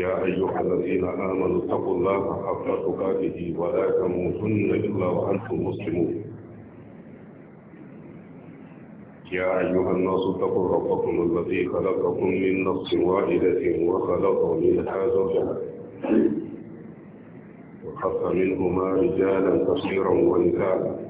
يا أيها الذين آمنوا اتقوا الله حق تقاته ولا تموتن إلا وأنتم مسلمون يا أيها الناس اتقوا ربكم الذي خلقكم من نفس واحدة وخلق منها زوجها وخلق منهما رجالا كثيرا ونساء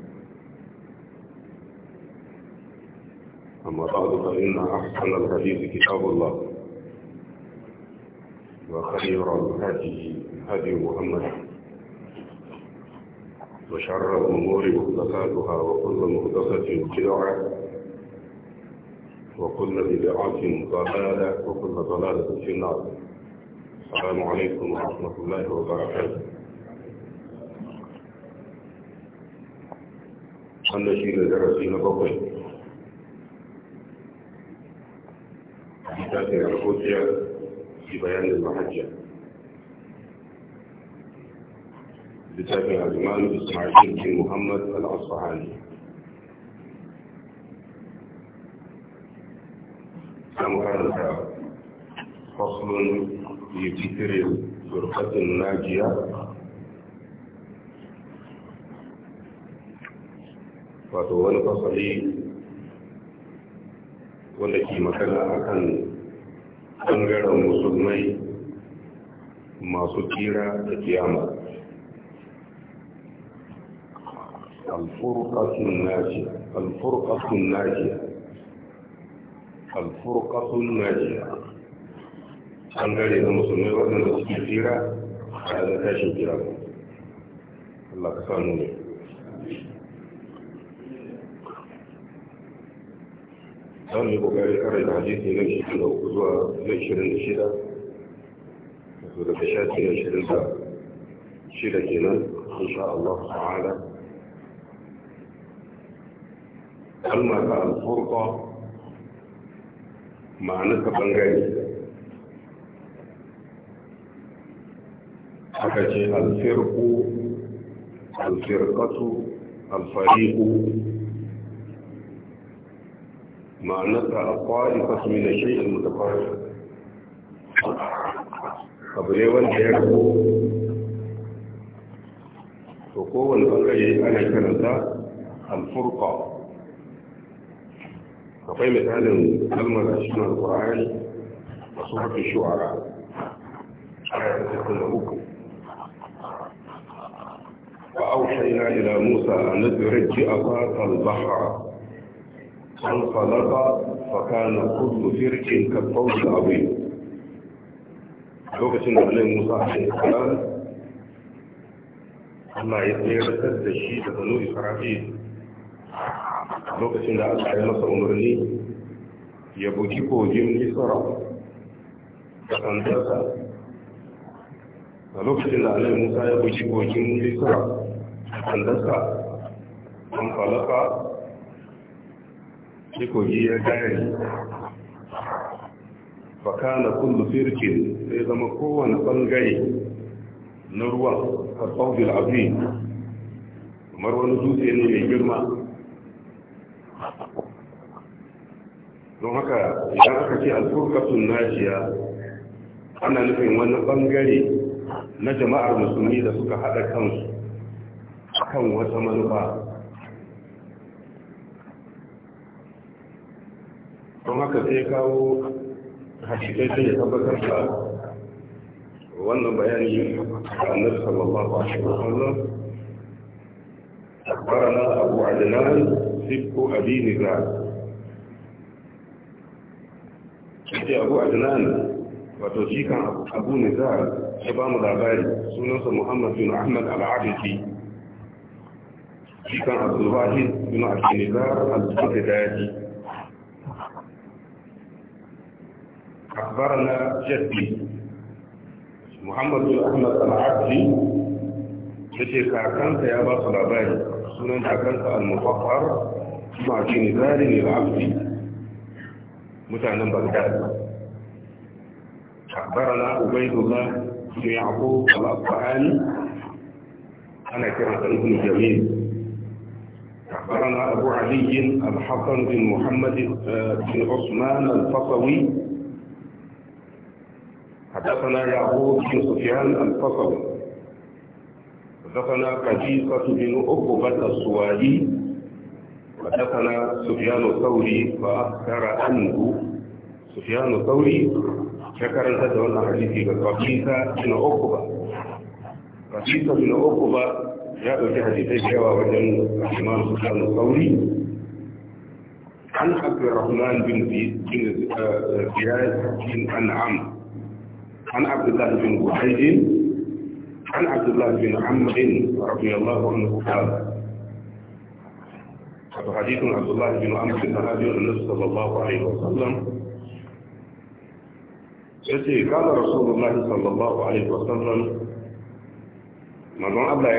أما بعد فإن أحسن الحديث كتاب الله وخير الهدي هدي محمد وشر الأمور مهدفاتها وكل مهدفة بدعة وكل بدعة ضلالة وكل ضلالة في النار السلام عليكم ورحمة الله وبركاته أنا شيء درسينا بقي إحداث الحجة في بيان المحجة لتابع الإمام إسماعيل بن محمد الأصفهاني كما هذا فصل في ذكر الفرقة الناجية فتولى فصلي ولكي مكان أكن ɓangaren musulmai masu kira da kiyama alfurƙasun najiya alfurƙasun najiya alfurƙasun najiya ɓangare na musulmai waɗanda suke kira a daga tashin kira Allah ka samu ne don yi kokari karai da hadisi na ishirin da uku zuwa na shirin da shida wato daga shafi na shirin da shida kenan insha Allah ta'ala kalma ta alfurqa ma'ana ta bangare aka ce alfirku alfirkatu alfariku معناتها الطائفة من الشيء المتقارب طب ليه والجهر وقوة الأرجي أنا كنت الفرقة فقيمة هذا الكلمة عشنا القرآن وصورة الشعراء فأوحينا إلى موسى أن ندرج أفاق البحر فانطلق فكان كل فرق كالطول العظيم لغة النبي موسى عليه السلام أما يطير سد الشيء تتنو إسرائيل لغة النبي موسى عمرني يبوكي بوجين لسرع فانطلق فلوك سيدنا علي موسى يبوكي بوجين لسرع فانطلق فانطلق sai kogi ya gare fakana kullu firkin sai zama kowane bangare na ruwan alfawdil azim kamar wani dutse ne mai girma don haka idan aka ce alfurkatun najiya ana nufin wani bangare na jama'ar musulmi da suka haɗa kansu kan wata manufa don haka sai kawo hakikaitun ya tabbatar da wannan bayani a annar sallallahu alaihi wa sallam akbarana abu adinan sikko abini ga shi abu adinan wato shi kan abu ne za ba mu labari sunansa muhammad bin ahmad al-abiki shi kan abu zuwa shi bin al-abiki ne za a tsaye da أخبرنا جدي محمد بن أحمد العبدي التي كانت يا باص الأباي سنن كانت المفخر مع جنزال العبدي متعنى بغداد أخبرنا عبيد الله بن يعقوب الأطفال أنا كرة ابن جميل أخبرنا أبو علي الحسن بن محمد آه، بن عثمان الفصوي حدثنا يعقوب بن سفيان الفصل حدثنا قديسة بن عقبة السوادي حدثنا سفيان الثوري فأخبر عنه سفيان الثوري شكر هذا وانا حديثي قديسة بن عقبة قديسة بن عقبة جاء في حديثي جوا وجن الإمام سفيان الثوري عن عبد الرحمن بن زياد بن أنعم عن عبد الله بن وحيد عن عبد الله بن عمرو رضي الله عنه قال حديث عبد الله بن عمرو بن هادي النبي صلى الله عليه وسلم يأتي قال رسول الله صلى الله عليه وسلم من أبلى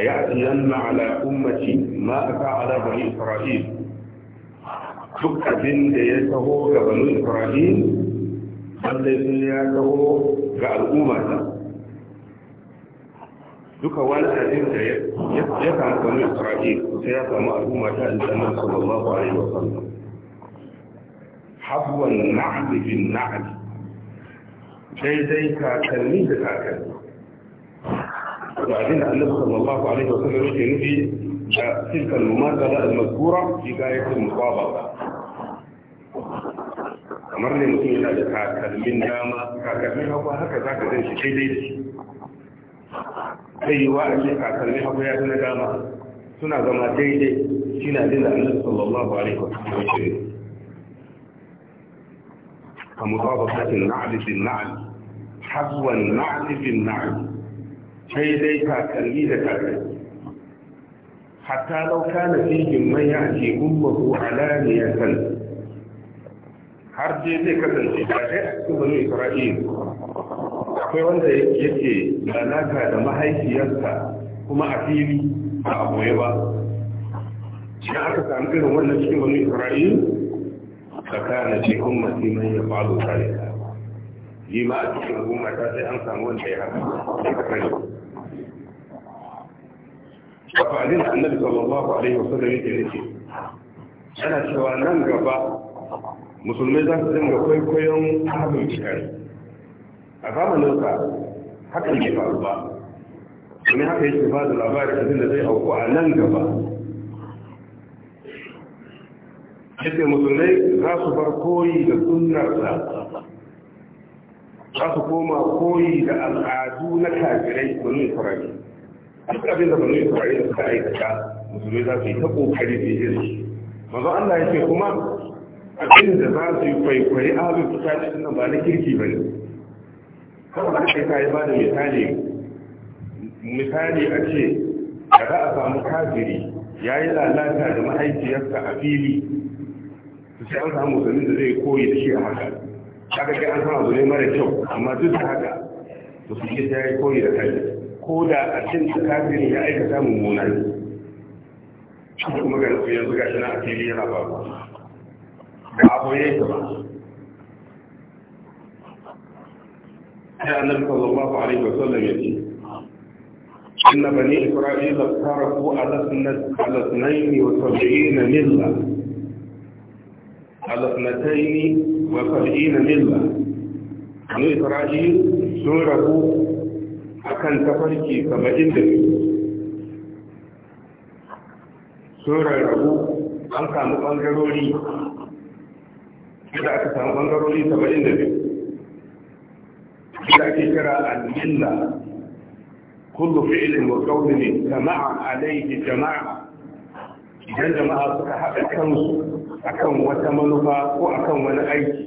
يأتي أن على أمتي ما أتى على بني إسرائيل شكة abin da ya taho lallai sun ya kawo ga al'umma ta duka wani abin da ya samu kanu isra'il sai ya samu al'umma ta aljannan sallallahu alaihi wa sallam habwan na'd bin na'd daidai kakanni da kakanni da abin da annabi sallallahu alaihi wa sallam yake nufi da tilka al-mumakala al-mazkura fi gayatil mutabaqa kamar ne mutum yana da takalmin dama takalmin hagu haka za ka zai shi daidai da shi zai yi wa a ce takalmin hagu ya na dama suna zama daidai shi na jin da annabi sallallahu alaihi wa sallam ya ce ka mutabaqatin na'li bin na hazwan na'li bin sai dai takalmi da takalmi hatta lau kana fihim man ya'ti ummuhu alaniyatan har dai zai kasance da shi a cikin banu isra'il akwai wanda yake lalata da mahaifiyarsa kuma a fili ba a boye ba idan aka sami irin wannan cikin banu isra'il kana ce kun mai ya falo tare ni ma a cikin al'umma ta sai an samu wanda ya haka sai ka sani wa fa'alin annabi sallallahu alaihi wasallam yake nake Ana cewa nan gaba musulmai za su dinga kwaikwayon ahalin shikari a zamanin sa haka ke faru ba domin haka yake ba da labarin abin da zai auku a nan gaba yake musulmai za su bar koyi da sunnarsa za su koma koyi da al'adu na kafirai banu isra'ila duk abin da banu da suka aikata musulmai za su yi ta kokari da yin manzo Allah yake kuma abin da za su yi abin ahalin fitaci suna ba na kirki ba ne kawai da ta kayi ba da misali misali a ce da za a samu kafiri ya yi lalata da mahaifiyarsa a fili su ce an samu sanin da zai koyi da shi a haka kaga kai an samu ne mara kyau amma duk da haka ke ta yi koyi da kai ko da a cin da kafiri ya aikata mummuna ne kuma ga yanzu shi na a fili yana faruwa ba a ba sai annabi sallallahu alaihi wa sallam ya ce inna bani isra'ila taraku ala ala wa sab'ina milla ala wa sab'ina milla bani isra'il sun rabu akan tafarki saba'in da sun rarrabu an samu ɓangarori da aka samu bangarori saba'in da ake kira al kullu fi'lin wa qawlin jama'a alayhi jama'a idan jama'a suka haɗa kansu akan wata manufa ko akan wani aiki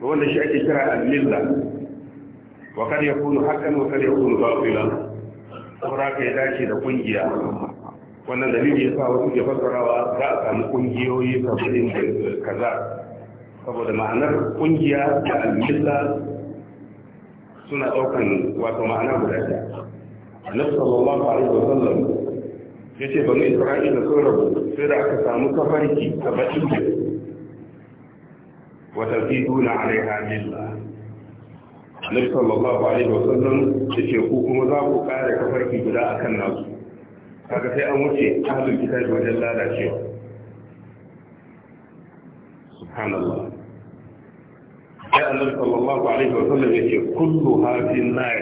wanda shi ake kira al-milla wa kad yakunu haqqan wa kad yakunu batilan saboda ka ya dace da kungiya wannan dalili sa wasu ke fassarawa za a samu kungiyoyi sabbin kaza saboda ma'anar kungiya da almilla suna daukan wato ma'ana guda ta annabi sallallahu alaihi wasallam ba bani isra'ila sun rabu sai da aka samu kafarki saba'in da wata fi duna alaiha lillah annabi sallallahu alaihi wasallam ce ku kuma za ku kare kafarki guda akan nasu kaga sai an wuce ahlul kitabi wajen lalacewa سبحان الله جاء sallallahu صلى الله عليه yake kullu كل هذه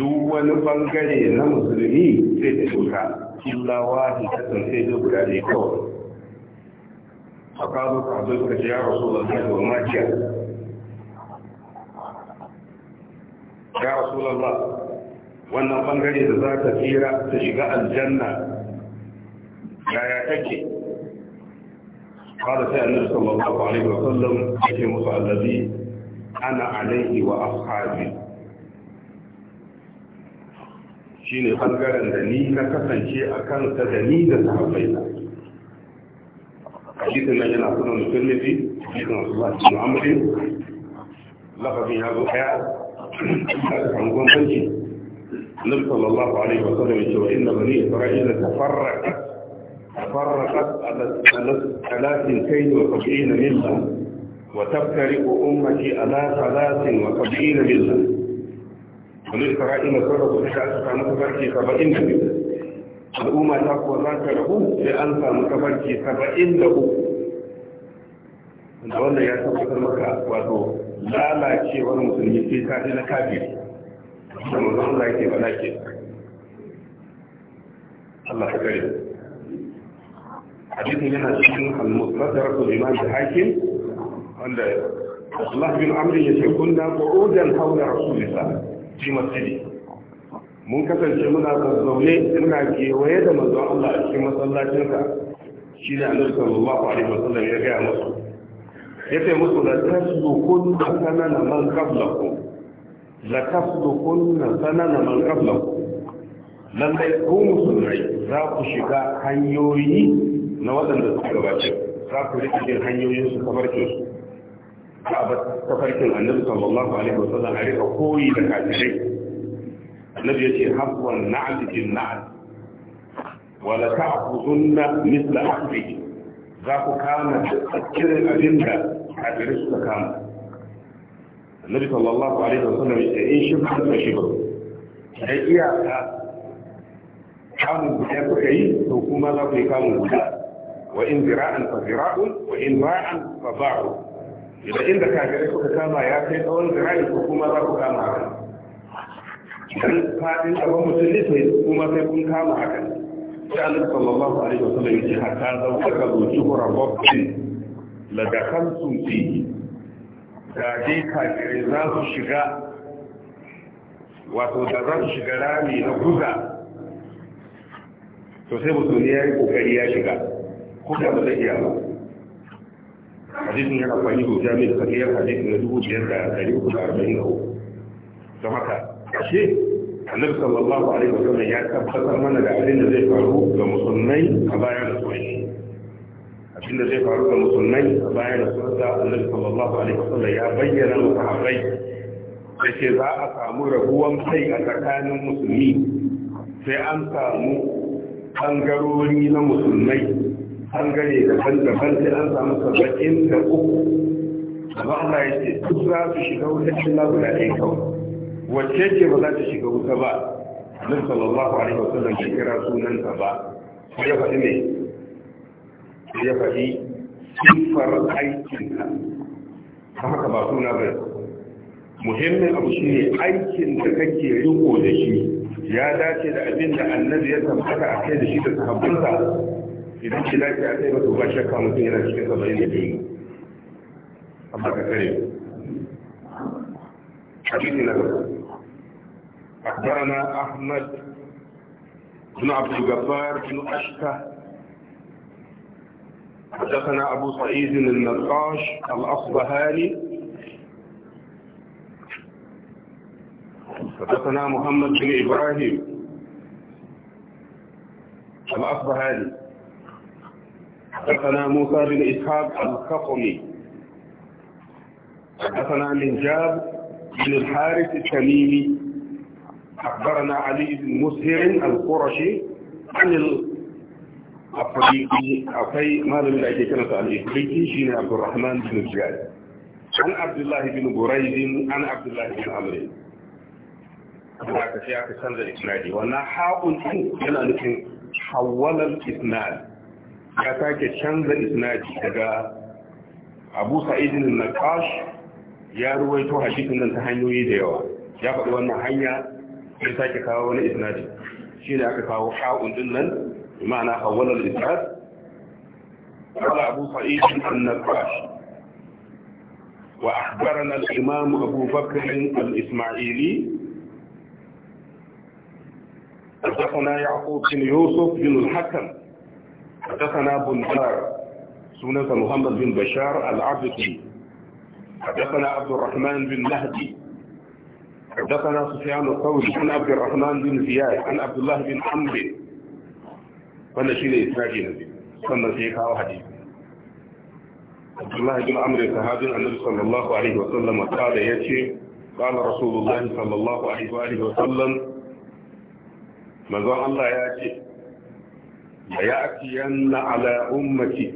duk wani bangare na musulmi sai da shuka illa wahi ta sai da guda ne a kazo ka zo ka ce wannan bangare da za ta tsira ta shiga aljanna yaya take قال فعلا صلى الله عليه وسلم في مصلبي انا عليه واصحابي شيني بنجر اندني نكسن شيء اكان تدني دسحبينا حديث ما جنا سنة نسلتي حديث ما الله سنة عمري لقد في هذا الحياة حنكم تنشي نبي صلى الله عليه وسلم يقول إن بني إسرائيل تفرقت تفرقت ثلاث كين وسبعين ملة وتبترئ أمتي على تبكي سبعين الأمة تقوى ذاك له سبعين له wanda ya tabbatar maka wato lalacewar musulmi sai ta na da mazan Allah ba Allah ta hadisin yana cikin al-mustadrak al-imam al-hakim wanda Allah bin Amr ya ce kun kunna qu'udan hawla rasulillah fi masjidi mun kasance muna zaune muna kewaye da manzon Allah a cikin masallacinsa shi ne annabi sallallahu alaihi wasallam ya gaya musu ya ce musu la tasdukun sanana man qablakum la tasdukun sanana man qablakum lallai ko musulmai za ku shiga hanyoyi na waɗanda suka gabace za ku riƙe jin hanyoyin su tafarkin su ka ba tafarkin annabi sallallahu alaihi wa sallam a riƙa koyi da kafirai annabi ya ce habwan na'ad jin na'ad wa la ta'khudunna mithla akhdihi za ku kama irin abin da kafirai suka kama annabi sallallahu alaihi wa sallam ya ce in shibha ka shibha da iyaka kamun guda kuka yi to kuma za ku yi kamun guda wa in zira'an fa zira'un wa in ba'an fa ba'u idan inda kafirai suka kama ya kai tsawon zira'i ko kuma za ku kama haka idan fadin abin mutum ne sai kuma sai kun kama haka sai annabi sallallahu alaihi wasallam yace hatta za su shiga wato da za su shiga rami na guza to sai musulmi ya yi kokari ya shiga ko da ba zai iya ba hadisin yana kwani ko jami'in da kake yin hadisin na dubu biyar da ɗari uku da arba'in da uku don haka ashe annabi sallallahu alaihi wa sallam ya tabbatar mana da abin da zai faru ga musulmai a bayan rasuwarsa abin da zai faru ga musulmai a baya bayan rasuwarsa annabi sallallahu alaihi wa sallam ya bayyana wa sahabbai da ke za a samu rabuwan kai a tsakanin musulmi sai an samu ɓangarori na musulmai An bangare daban-daban sai an samu saba'in da uku amma Allah ya ce duk za su shiga wuta Allah guda ɗaya kawai wacce ce ba za ta shiga wuta ba nan sallallahu alaihi wa sallam ya kira sunan ta ba sai ya faɗi ne sai ya faɗi siffar aikinka ta haka ba suna ba muhimmin abu shi ne aikin da kake riko da shi ya dace da abin da annabi ya tabbata a kai da shi da sahabbansa idan ba shakka yana cikin saba'in da biyu amma ka kare hadisi na gaba أخبرنا أحمد بن عبد الجبار بن أشكه حدثنا أبو سعيد النقاش الأصبهاني حدثنا محمد بن إبراهيم الأصبهاني حدثنا موسى بن إسحاق الكقمي حدثنا من جاب بن الحارث التميمي أخبرنا علي بن مسهر القرشي عن الأفريقي أخي ماذا من أجل كلمة الإفريقي شين عبد الرحمن بن الجاد عن عبد الله بن بريد عن عبد الله بن عمرو هناك شيء في سند الإسنادي وأنا حاء yana nufin hawalar isnad ya sake canza isnadi daga abu sa'idin naqash ya ruwaito hadisin nan ta hanyoyi da yawa ya faɗi wannan hanya ya sake kawo wani isnadi ne aka kawo ha'un din nan ma'ana awwalul isnad قال أبو سعيد النقاش وأخبرنا الإمام أبو بكر الإسماعيلي حدثنا يعقوب بن يوسف بن الحكم حدثنا ابو بنزار سنة محمد بن بشار العبدي حدثنا عبد الرحمن بن مهدي حدثنا سفيان الثوري عن عبد الرحمن بن زياد عن عبد الله بن عمري فانا شيني اسمعي سنة صلى وحديث عبد الله بن عمر الزهاد النبي صلى الله عليه وسلم قال يشي قال رسول الله صلى الله عليه وسلم ما زال الله يشي ليأتين على أمتي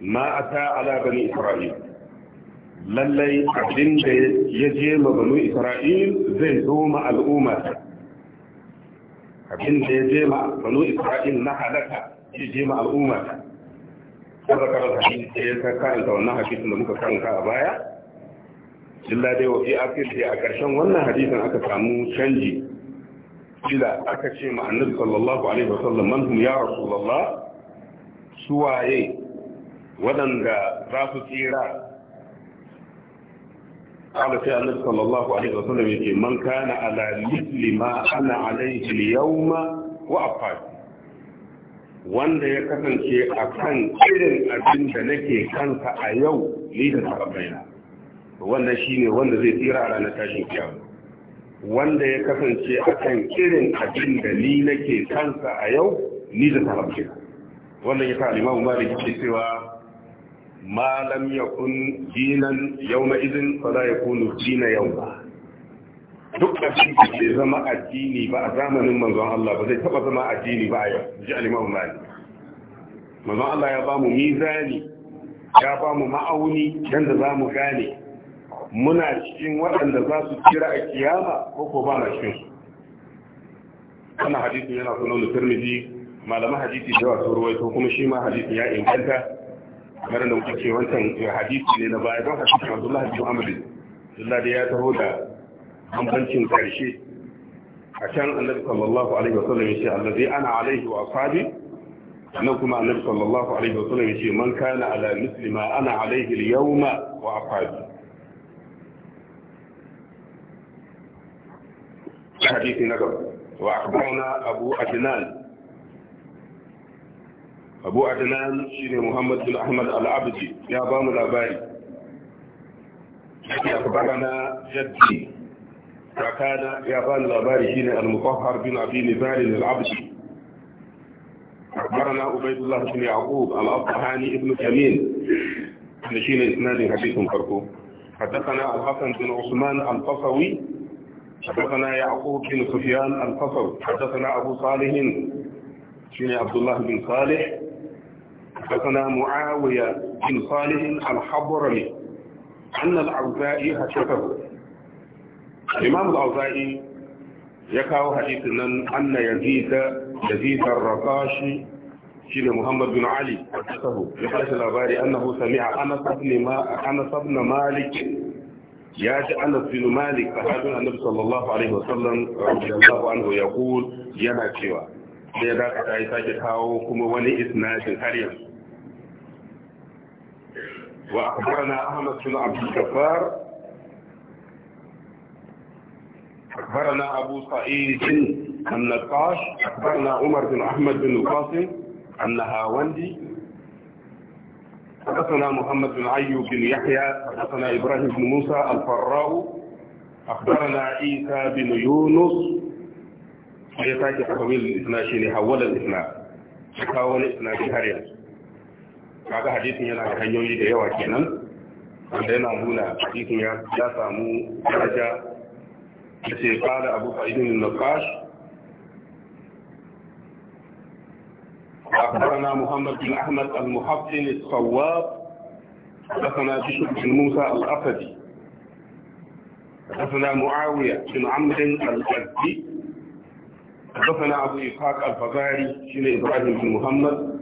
ما أتى على بني إسرائيل lallai abin ya je ma isra'il zai zo al'umma abin da ya je ma isra'il na halaka ya je ma al'umma ta zaka rasa shi da ya ka karanta wannan hadisin a baya illa dai a ƙarshen wannan hadisin aka samu canji kila aka ce ma annabi sallallahu alaihi wasallam man hum ya rasulullah suwaye waɗanda za su tsira قال في النبي alaihi الله عليه وسلم wanda ya kasance a kan irin abin da nake kansa a yau ni da sahabbaina wannan shine wanda zai tsira a ranar tashin kiyama wanda ya kasance a kan irin abin da ni nake kansa a yau ni da talabci wannan ya sa imamu malik ke cewa ma lam yakun dinan na izin fa la yakunu dina ba duk da shi ke zama addini ba a zamanin manzon Allah ba zai taba zama addini ba a yau ji alimamu malik manzon Allah ya ba mu mizani ya ba mu ma'auni yanda da za mu gane muna cikin waɗanda za su kira a kiyama ko ko ba na cikin su wannan hadisi yana sunan tirmidhi malaman hadisi da wasu ruwaito kuma shi ma hadisi ya inganta kamar da muke ce wancan hadisi ne na baya don hadisin Abdullahi bin Amr Allah da ya taho da bambancin karshe a can annabi sallallahu alaihi wasallam ya ce allazi ana alaihi wa ashabi Nan kuma annabi sallallahu alaihi wasallam ya ce man kana ala muslima ana alaihi al-yawma wa ashabi حديث نقل وأخبرنا أبو عدنان أبو عدنان شيخ محمد بن أحمد العبدي يا بام الأباري أخبرنا جدي فكان يا بام الأباري شيخ المطهر بن أبي نزار العبدي أخبرنا عبيد الله بن يعقوب الأصفهاني ابن تميم نشيل إسناد حديث فرقه حدثنا الحسن بن عثمان القصوي حدثنا يعقوب بن سفيان القصر حدثنا أبو صالح بن عبد الله بن صالح حدثنا معاوية بن صالح الحبرمي أن الأوزائي حدثه الإمام الأوزائي يكاو حديثنا أن يزيد يزيد الرقاشي شين محمد بن علي حدثه في الأباري أنه سمع أنس بن مالك يا جعل بن مالك فهذا النبي صلى الله عليه وسلم رضي الله عنه يقول yana cewa sai da ta yi sake kawo kuma wani isnadin har yanzu wa ahmad bin abd al-kafar akhbarana abu sa'id an-naqash akhbarana umar bin ahmad bin qasim an حدثنا محمد بن عيوب بن يحيى حدثنا إبراهيم بن موسى الفراء أخبرنا عيسى بن يونس ويتاكي حول الإثناء شيني حول الإثناء حول الإثناء بهاريا kaga hadisin yana da hanyoyi da yawa kenan wanda yana nuna hadisin ya samu daraja da ce kala abu fa'idin naqash أخبرنا محمد بن أحمد المحصن الصواب حدثنا بشر بن موسى الأسدي حدثنا معاوية بن عمرو الجدي حدثنا أبو إسحاق الفزاري شين إبراهيم بن محمد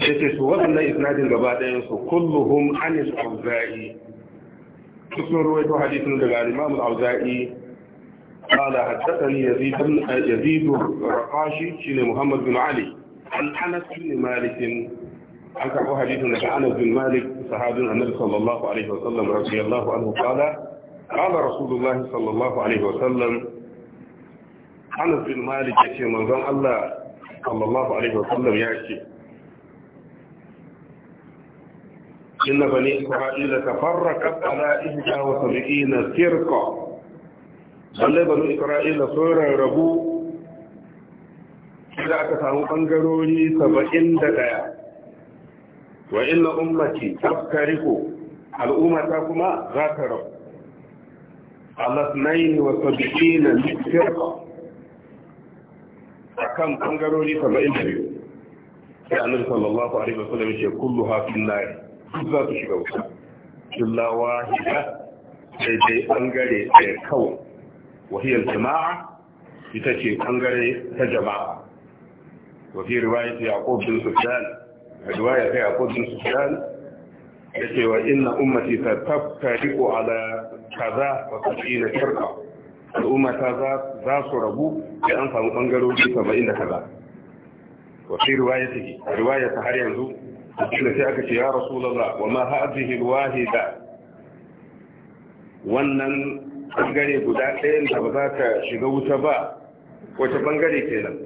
yake su waɗanda isnadin gaba ɗayan su kulluhum anil auza'i kusur ruwaito hadisin daga imamul auza'i qala haddathani yazid yazid raqashi shine muhammad bin ali عن أنس بن مالك عن كعب حديث عن أنس بن مالك صحابي النبي صلى الله عليه وسلم رضي الله عنه قال قال رسول الله صلى الله عليه وسلم أنس بن مالك من منظم الله صلى الله عليه وسلم شيخ إن بني إسرائيل تفرقت على إحدى وسبعين فرقة بل بني إسرائيل صور ربو da aka samu ɓangarori saba'in da ɗaya wa inna ummati tafkariku al'ummata kuma za ta rabu alasnaini wa sabi'ina A kan ɓangarori saba'in da biyu sai annabi sallallahu alaihi wasallam ce kullu hafin nari duk za su shiga wuta illa wahida sai dai ɓangare ɗaya kawai wahiyar jama'a ita ce ɓangare ta jama'a وفي رواية يعقوب بن سفيان رواية يعقوب بن سفيان يقول وإن أمتي ستفترق على kaza wa saba'ina shirka al'umma ta za su rabu da an samu bangarori saba'in da kaza wa fi riwaya ta har yanzu da sai aka wa ma hadhihi alwahida wannan bangare guda ɗayan da ba za ta shiga wuta ba wace bangare kenan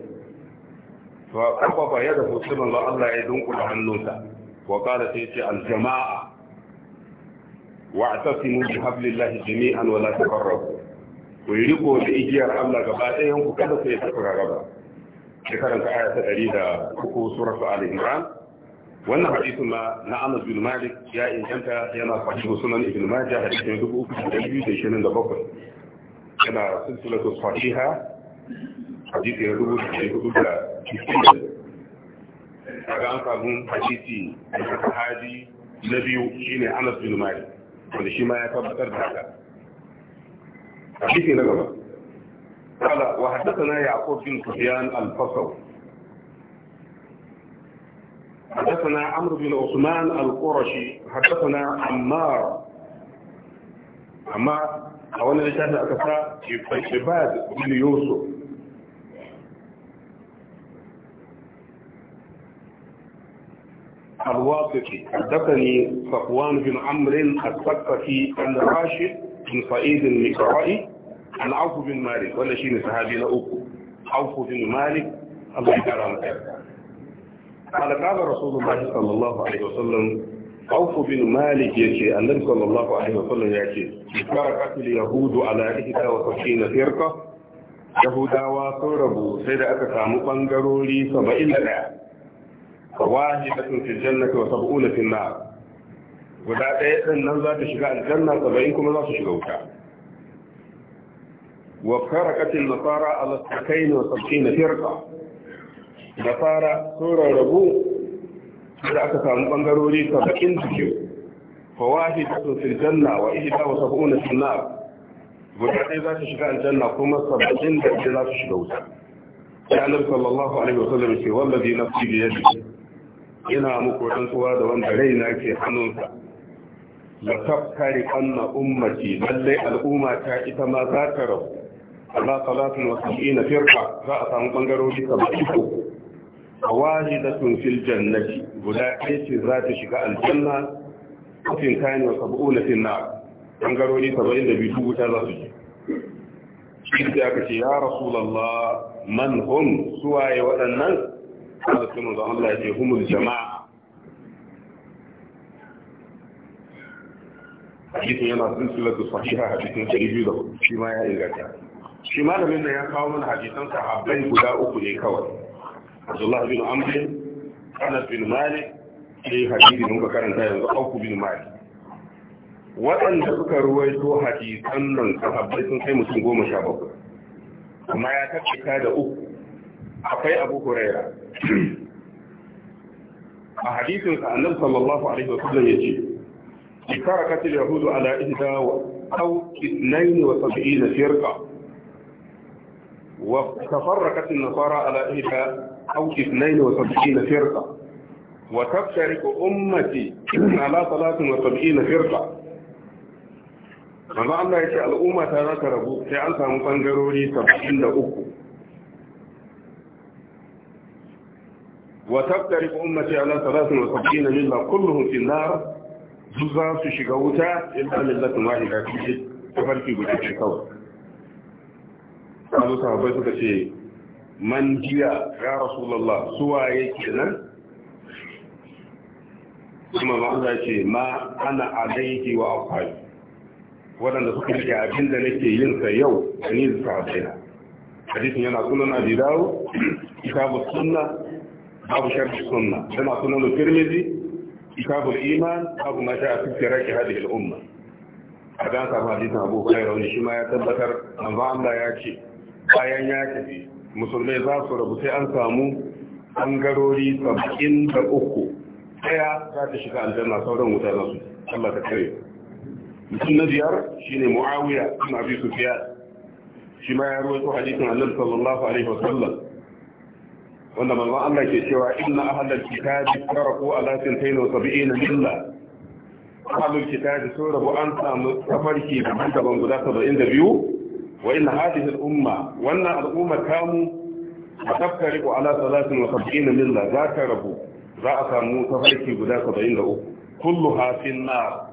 fa kafafa ya da hutun Allah ya dunkula hannunsa wa qala sai ce al jama'a wa atasimu bi hablillahi jami'an wa la tafarraqu ku yi riko da igiyar Allah gaba ɗayan ku kada ku yi tafarra gaba da karanta aya ta 103 suratu al imran wannan hadisi na Anas bin ya inganta yana sahihu sunan Ibn yana kaga an samu hadisi da sahabi na biyu shine Anas bin Malik wanda shi ma ya tabbatar da haka hadisi na gaba قال وحدثنا يعقوب بن سفيان الفصل حدثنا عمرو بن عثمان القرشي حدثنا عمار عمار أولا لشأن أكثر عباد بن يوسف الواقفي حدثني صفوان بن عمرو الثقفي عن راشد بن سعيد المكرائي عن عوف بن مالك ولا شيء صحابي لا أكو عوف بن مالك الله يكرمك قال قال رسول الله صلى الله عليه وسلم عوف بن مالك يجي النبي صلى الله عليه وسلم يجي فرقت اليهود على 71 فرقة Yahudawa sun rabu sai da aka samu ɓangarori saba'in da ɗaya. واحدة في الجنة وسبعون في النار وبعد إذن نزل تشجع الجنة سبعين كم الله وكا وفرقة النصارى على سبعين وسبعين فرقة نصارى سورة ربو سورة أكثر من ضروري سبعين تشجعه فواحدة في الجنة وإحدى وسبعون في النار وبعد إذن تشجع الجنة كم سبعين لا تشجعه وكا يعني صلى الله عليه وسلم والذي نفسي بيده ina muku rantsuwa da wanda raina ke hannunsa la tafkari anna ummati lallai al'umma ta ita ma za ta rabu Allah salatun wa sab'ina firqa za a samu bangarori saba'in uku wahidatun fil jannati guda ɗaya ce za ta shiga aljanna kafin kayan wa sab'una fil nar bangarori saba'in da biyu wuta za su je shi aka ce ya rasulallah man hum suwaye waɗannan kada sun manzo Allah ya ce humul jama'a hadisin yana silsilatu sahiha hadisin 200 shi ma ya inganta shi malamin da ya kawo mana hadisan sahabbai guda uku ne kawai Abdullah bin Amr Anas bin Malik sai hadisi da muka karanta yanzu auku bin Malik waɗanda suka ruwaito hadisan nan sahabbai sun kai mutum goma sha bakwai amma ya tabbata da uku akwai Abu Huraira a hadisin annabi sallallahu alaihi wasallam yace ifarakat al-yahudu ala ihda wa aw 72 firqa وتفرقت النصارى على إحدى أو اثنين وسبعين فرقة وتفترق أمتي على ثلاث وسبعين فرقة manzo Allah ya ce al'umma ta za ta rabu sai an samu bangarori saba'in da uku wa tabtariq ummati ala 73 milla kulluhum fi nar za su shiga wuta illa millatun wahida ce tafarki guda ce kawai kazo sahabbai suka ce man jiya ya rasulullah suwaye kenan kuma ba Allah ce ma ana alaihi wa afai waɗanda suka rike abin da nake yin sa yau da ni da sahabbaina hadisin yana sunan abi dawo kitabu sunna babu sharhi sunna tana sunan tirmidhi kitabul iman abu ma sha'a fi firaqi hadhihi al-umma adan ka hadisin abu hurairah wani shi ma ya tabbatar manzo Allah ya ce bayan ya tafi musulmai za su rabu sai an samu bangarori saba'in da uku daya za ta shiga aljanna sauran wuta za su Allah ta kare mutum na biyar shine muawiya ibn abi sufyan shi ma ya rawaito hadisin annabi sallallahu alaihi wasallam wanda manzon Allah ke cewa inna ahlal kitabi taraku ala 72 milla ahlul kitabi sun rabu an samu tafarki daban-daban guda 72 wa inna hadhihi al-umma wannan al'umma kamu taftariqu ala 73 milla za ta rabu za a samu tafarki guda 73 kulluha fi an-nar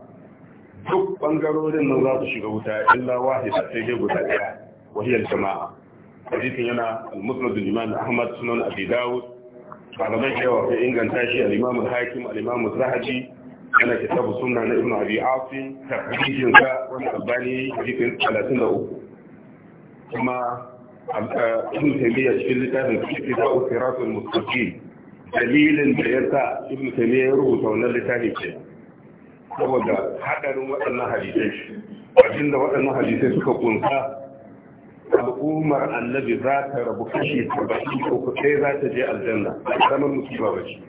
duk bangarorin nan za su shiga wuta illa wahida sai dai guda daya wahiyar jama'a hadisin yana al-musnad al-imam ahmad sunan abi dawud malamai da yawa sai inganta shi al-imam al-hakim al-imam az-zahabi yana kitabu sunna na ibnu abi asim tafsirin sa wani albani hadisin 33 kuma eh, ibn taymiya cikin littafin kitabul siratul mustaqim dalilin da ya yasa ibn taymiya ya rubuta wannan littafin kenan saboda hadarin waɗannan hadisai abinda waɗannan hadisai suka kunsa al'ummar annabi za ta rabu kashi saba'in ko kuɗai za ta je aljanna a zaman musulma ba ce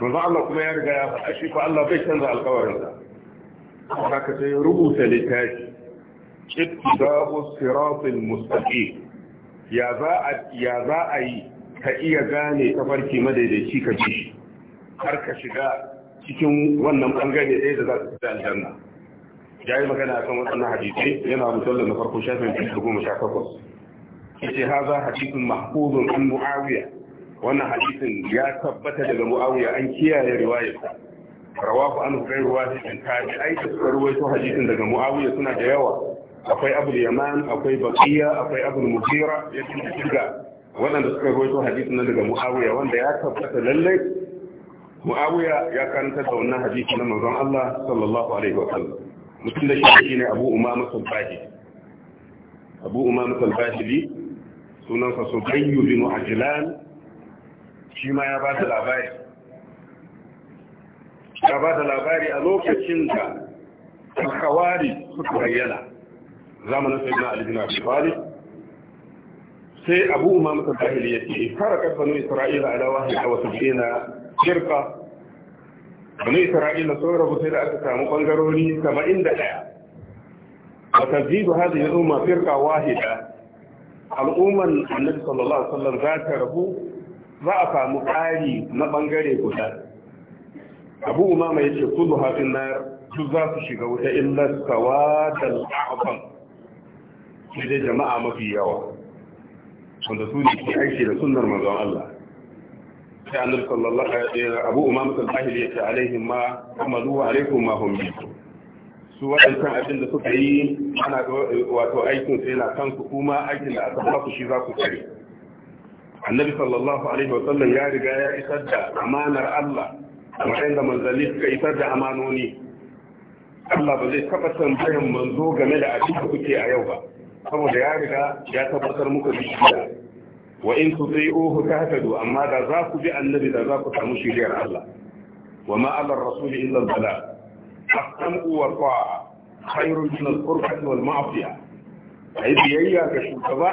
manzo Allah kuma ya riga ya faɗa shi ko Allah bai canza alƙawarinsa haka sai rubuta littafi ittiba'u siratil mustaqim ya za a ya za a yi ka iya gane tafarki madaidaici ka ci har ka shiga cikin wannan bangare ɗaya da za ta fita aljanna ya yi magana akan waɗannan hadisai yana musallar na farko shafin da goma sha takwas yace haza hadisin mahfuzun an muawiya wannan hadisin ya tabbata daga muawiya an kiyaye riwayarsa rawahu an kai ruwatin tabi'ai da suka ruwaito hadisin daga muawiya suna da yawa akwai abul yaman akwai baqiya akwai abul ya yace shiga waɗanda suka ruwaito hadisin nan daga muawiya wanda ya tabbata lallai muawiya ya karanta da wannan hadisi na manzon Allah sallallahu alaihi wa sallam mutum da shi ne abu umama sulfahi abu umama sulfahi sunansa su bayyu bin ajilan shi ma ya ba da labari ya ba da labari a lokacin da alkawari suka bayyana zamanin sai na alijin abubali sai abu umama sulfahi ya ce farakar banu isra'ila ala wahi a wasu jina shirka bani isra'ila sun rabu sai da aka samu bangarori 71 wa tazidu hadhihi al-umma firqa wahida al'umman annabi sallallahu alaihi wasallam za ta rabu za a samu ƙari na bangare guda abu umama ce kullu hafin duk za su shiga wuta illa da a'zam sai dai jama'a mafi yawa wanda su ne ke aiki da sunnar manzon Allah sai annabi sallallahu alaihi abu umama al-bahili yace alaihim ma amalu wa alaikum ma hum bi su wadannan abin da suka yi ana wato aikin sai na kan ku kuma aikin da aka ba ku shi za ku kare annabi sallallahu alaihi wa sallam, ya riga ya isar da amanar Allah kamar da manzanni suka isar da amanoni Allah ba zai taba tambayan manzo game da abin da kuke a yau ba saboda ya riga ya tabbatar muku da shi wa in tuti'uhu tahtadu amma da za ku bi annabi da za ku samu shiriyar Allah wa ma ala rasul illa al-bala asamu wa ta'a khairun min al-qurbat wal ma'siya ai biyayya ga shugaba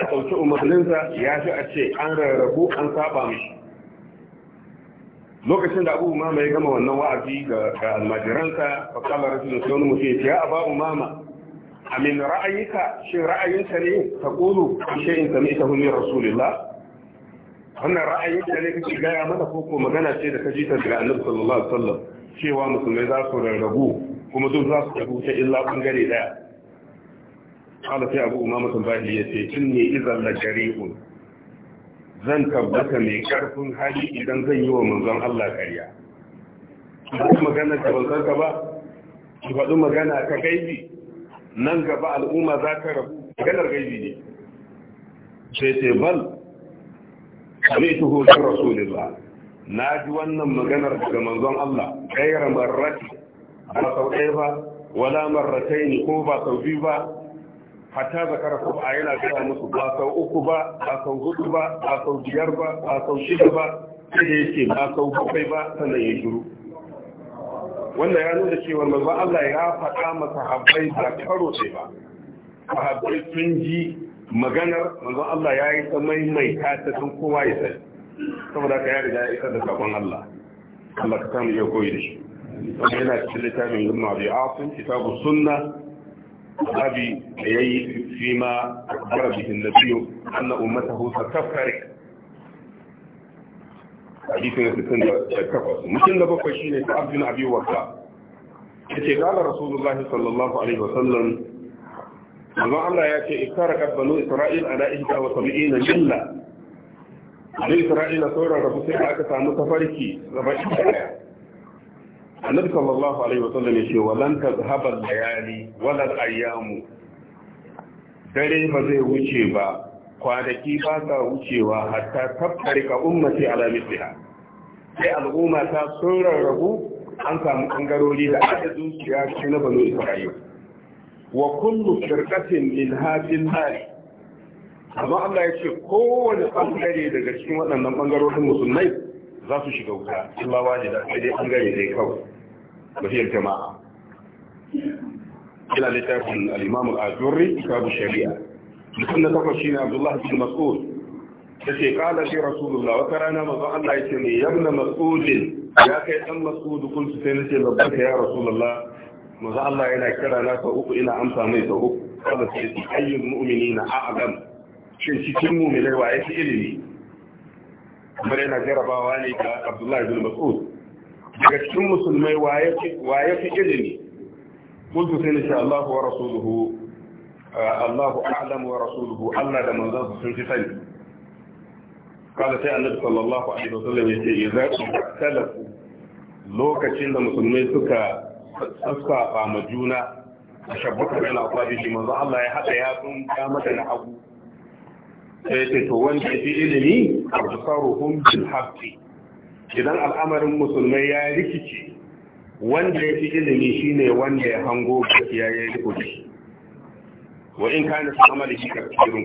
a ɗauki umarninsa ya fi a ce an rarrabu an saba mishi lokacin da abubuwa mai ya gama wannan wa'azi ga almajiransa fa kala da sallallahu alaihi ya aba umama amin ra'ayika shin ra'ayinka ne ta ƙulu shi in ne ta hulmin rasulullah wannan ra'ayinka ne kake gaya mana ko ko magana ce da ka ji ta daga annabi sallallahu alaihi wasallam cewa musulmai za su rarrabu kuma duk za su rabu ta illa bangare daya qala sai abu umama tabari yace inni idan la jari'un zan tabbata mai karfin hali idan zan yi wa manzon Allah kariya ba magana ka ban ka ba ki faɗi magana ka gaibi nan gaba al'umma za ta rabu maganar gaibi ne sai ce bal sami'tuhu min rasulullah na ji wannan maganar daga manzon Allah gaira marrati ba sau ɗaya ba wala marratai ne ko ba sau biyu ba hatta zakara ko a yana gaya musu ba sau uku ba ba sau hudu ba ba sau biyar ba ba sau shida ba sai da yake ba sau bakwai ba sannan ya shiru wannan ya nuna cewa manzon Allah ya faɗa masa habbai ba karo sai ba sahabbai sun ji maganar manzon Allah ya yi tsamai mai tata sun kowa ya sani saboda ka ya riga ya isa da sabon Allah Allah ka samu iya koyi da shi wanda yana cikin littafin ibn a sun kitabu sunna babi da yayi fi ma akbar bihi nabiyyu anna ummatahu tafkare. hadisi na 68 mutum na bakwai shine Ka'ab bin Abi Waqqas yace qala Rasulullah sallallahu alaihi wasallam Allah Allah ya ce ikaraka banu Isra'il ala 71 milla Banu Isra'ila sauran rabu sai aka samu tafarki gaba ɗaya Annabi sallallahu alaihi wasallam ya ce walan tazhabal layali walal ayyamu dare ba zai wuce ba kwanaki ba sa wucewa hatta tabtari ka ummati ala misliha sai al'umma ta sun rarrabu an samu ɓangarori da adadin su ya ci na banu isra'ila wa kullu firqatin min hadin nari amma Allah ya ce kowane ɓangare daga cikin waɗannan ɓangarorin musulmai za su shiga wuta illa wajida sai dai ɓangare dai kawai mafiyar jama'a ila littafin al-imam al-ajurri kitabu shari'a mutum na takwas shine Abdullahi bin Mas'ud da ke kala shi rasulullah wata rana mazu Allah ya ce ne yamna masudin ya kai dan masudu kun su sai nace babban ya rasulullah mazu Allah yana kira na sau uku ina amsa mai sau uku kala sai su ayyul mu'minina a'lam shin cikin mu'minai wa yake ilimi kamar yana jarabawa ne ga Abdullahi bin Mas'ud daga cikin musulmai wa fi ilimi sai wa rasuluhu, سنشاء الله wa rasuluhu, Allah da ألا sun fi sani." قال سي النبي صلى الله عليه وسلم يتي إذا اختلفوا Lokacin da musulmai suka sassafa ma juna a shabbata bayan asabi shi manzo Allah ya hada yatsun dama da na hagu sai ce to wanda ya fi ilimi absaruhum bil haqqi idan al'amarin musulmai ya rikice wanda ya fi ilimi shine wanda ya hango gaskiya ya yi riko wa in kana su amali shi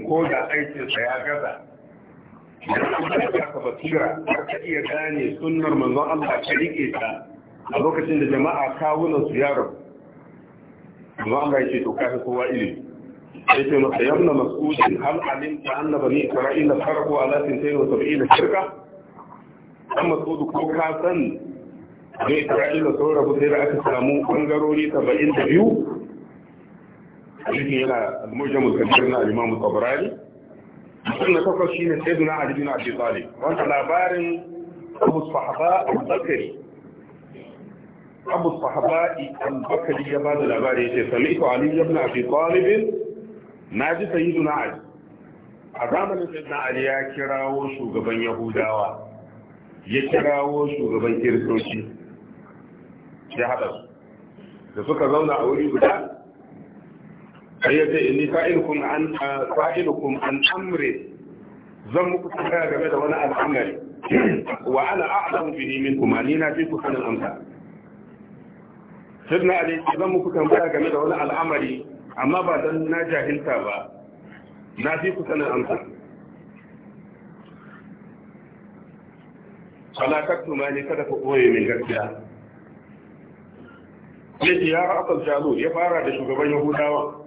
ko da aikinsa ya gaza idan abu basira ka iya gane sunnar manzon Allah ta a lokacin da jama'a kawunan su yaro manzon Allah ya ce to kafi kowa ilimi sai ce masa yamna mas'udin hal alimta anna bani isra'ila farqu ala 72 shirka dan mas'ud ko ka san bani isra'ila sun rabu sai da aka samu bangarori 72 Alikin yana al-Mujamul Kabir na Imam Tabrani mutum na shi ne sai duna alibin abi talib wanda labarin abu sahaba al abu sahaba al-bakari ya ba da labari ya ce sami ito ali ibn abi talib na ji sayyiduna ali a zamanin sayyiduna ali ya kirawo shugaban yahudawa ya kirawo shugaban kiristoci ya haɗa su da suka zauna a wuri guda sai yace inni fa'ilukum an fa'ilukum an amri zan muku tambaya game da wani al'amari wa ana a'lamu bihi minkum ani na fi ku sanin amsa sirna ali zan muku tambaya game da wani al'amari amma ba dan na jahilta ba na fi ku sanin amsa fala taktuma ne kada ku koye min gaskiya yake ya ra'asal jalud ya fara da shugaban yahudawa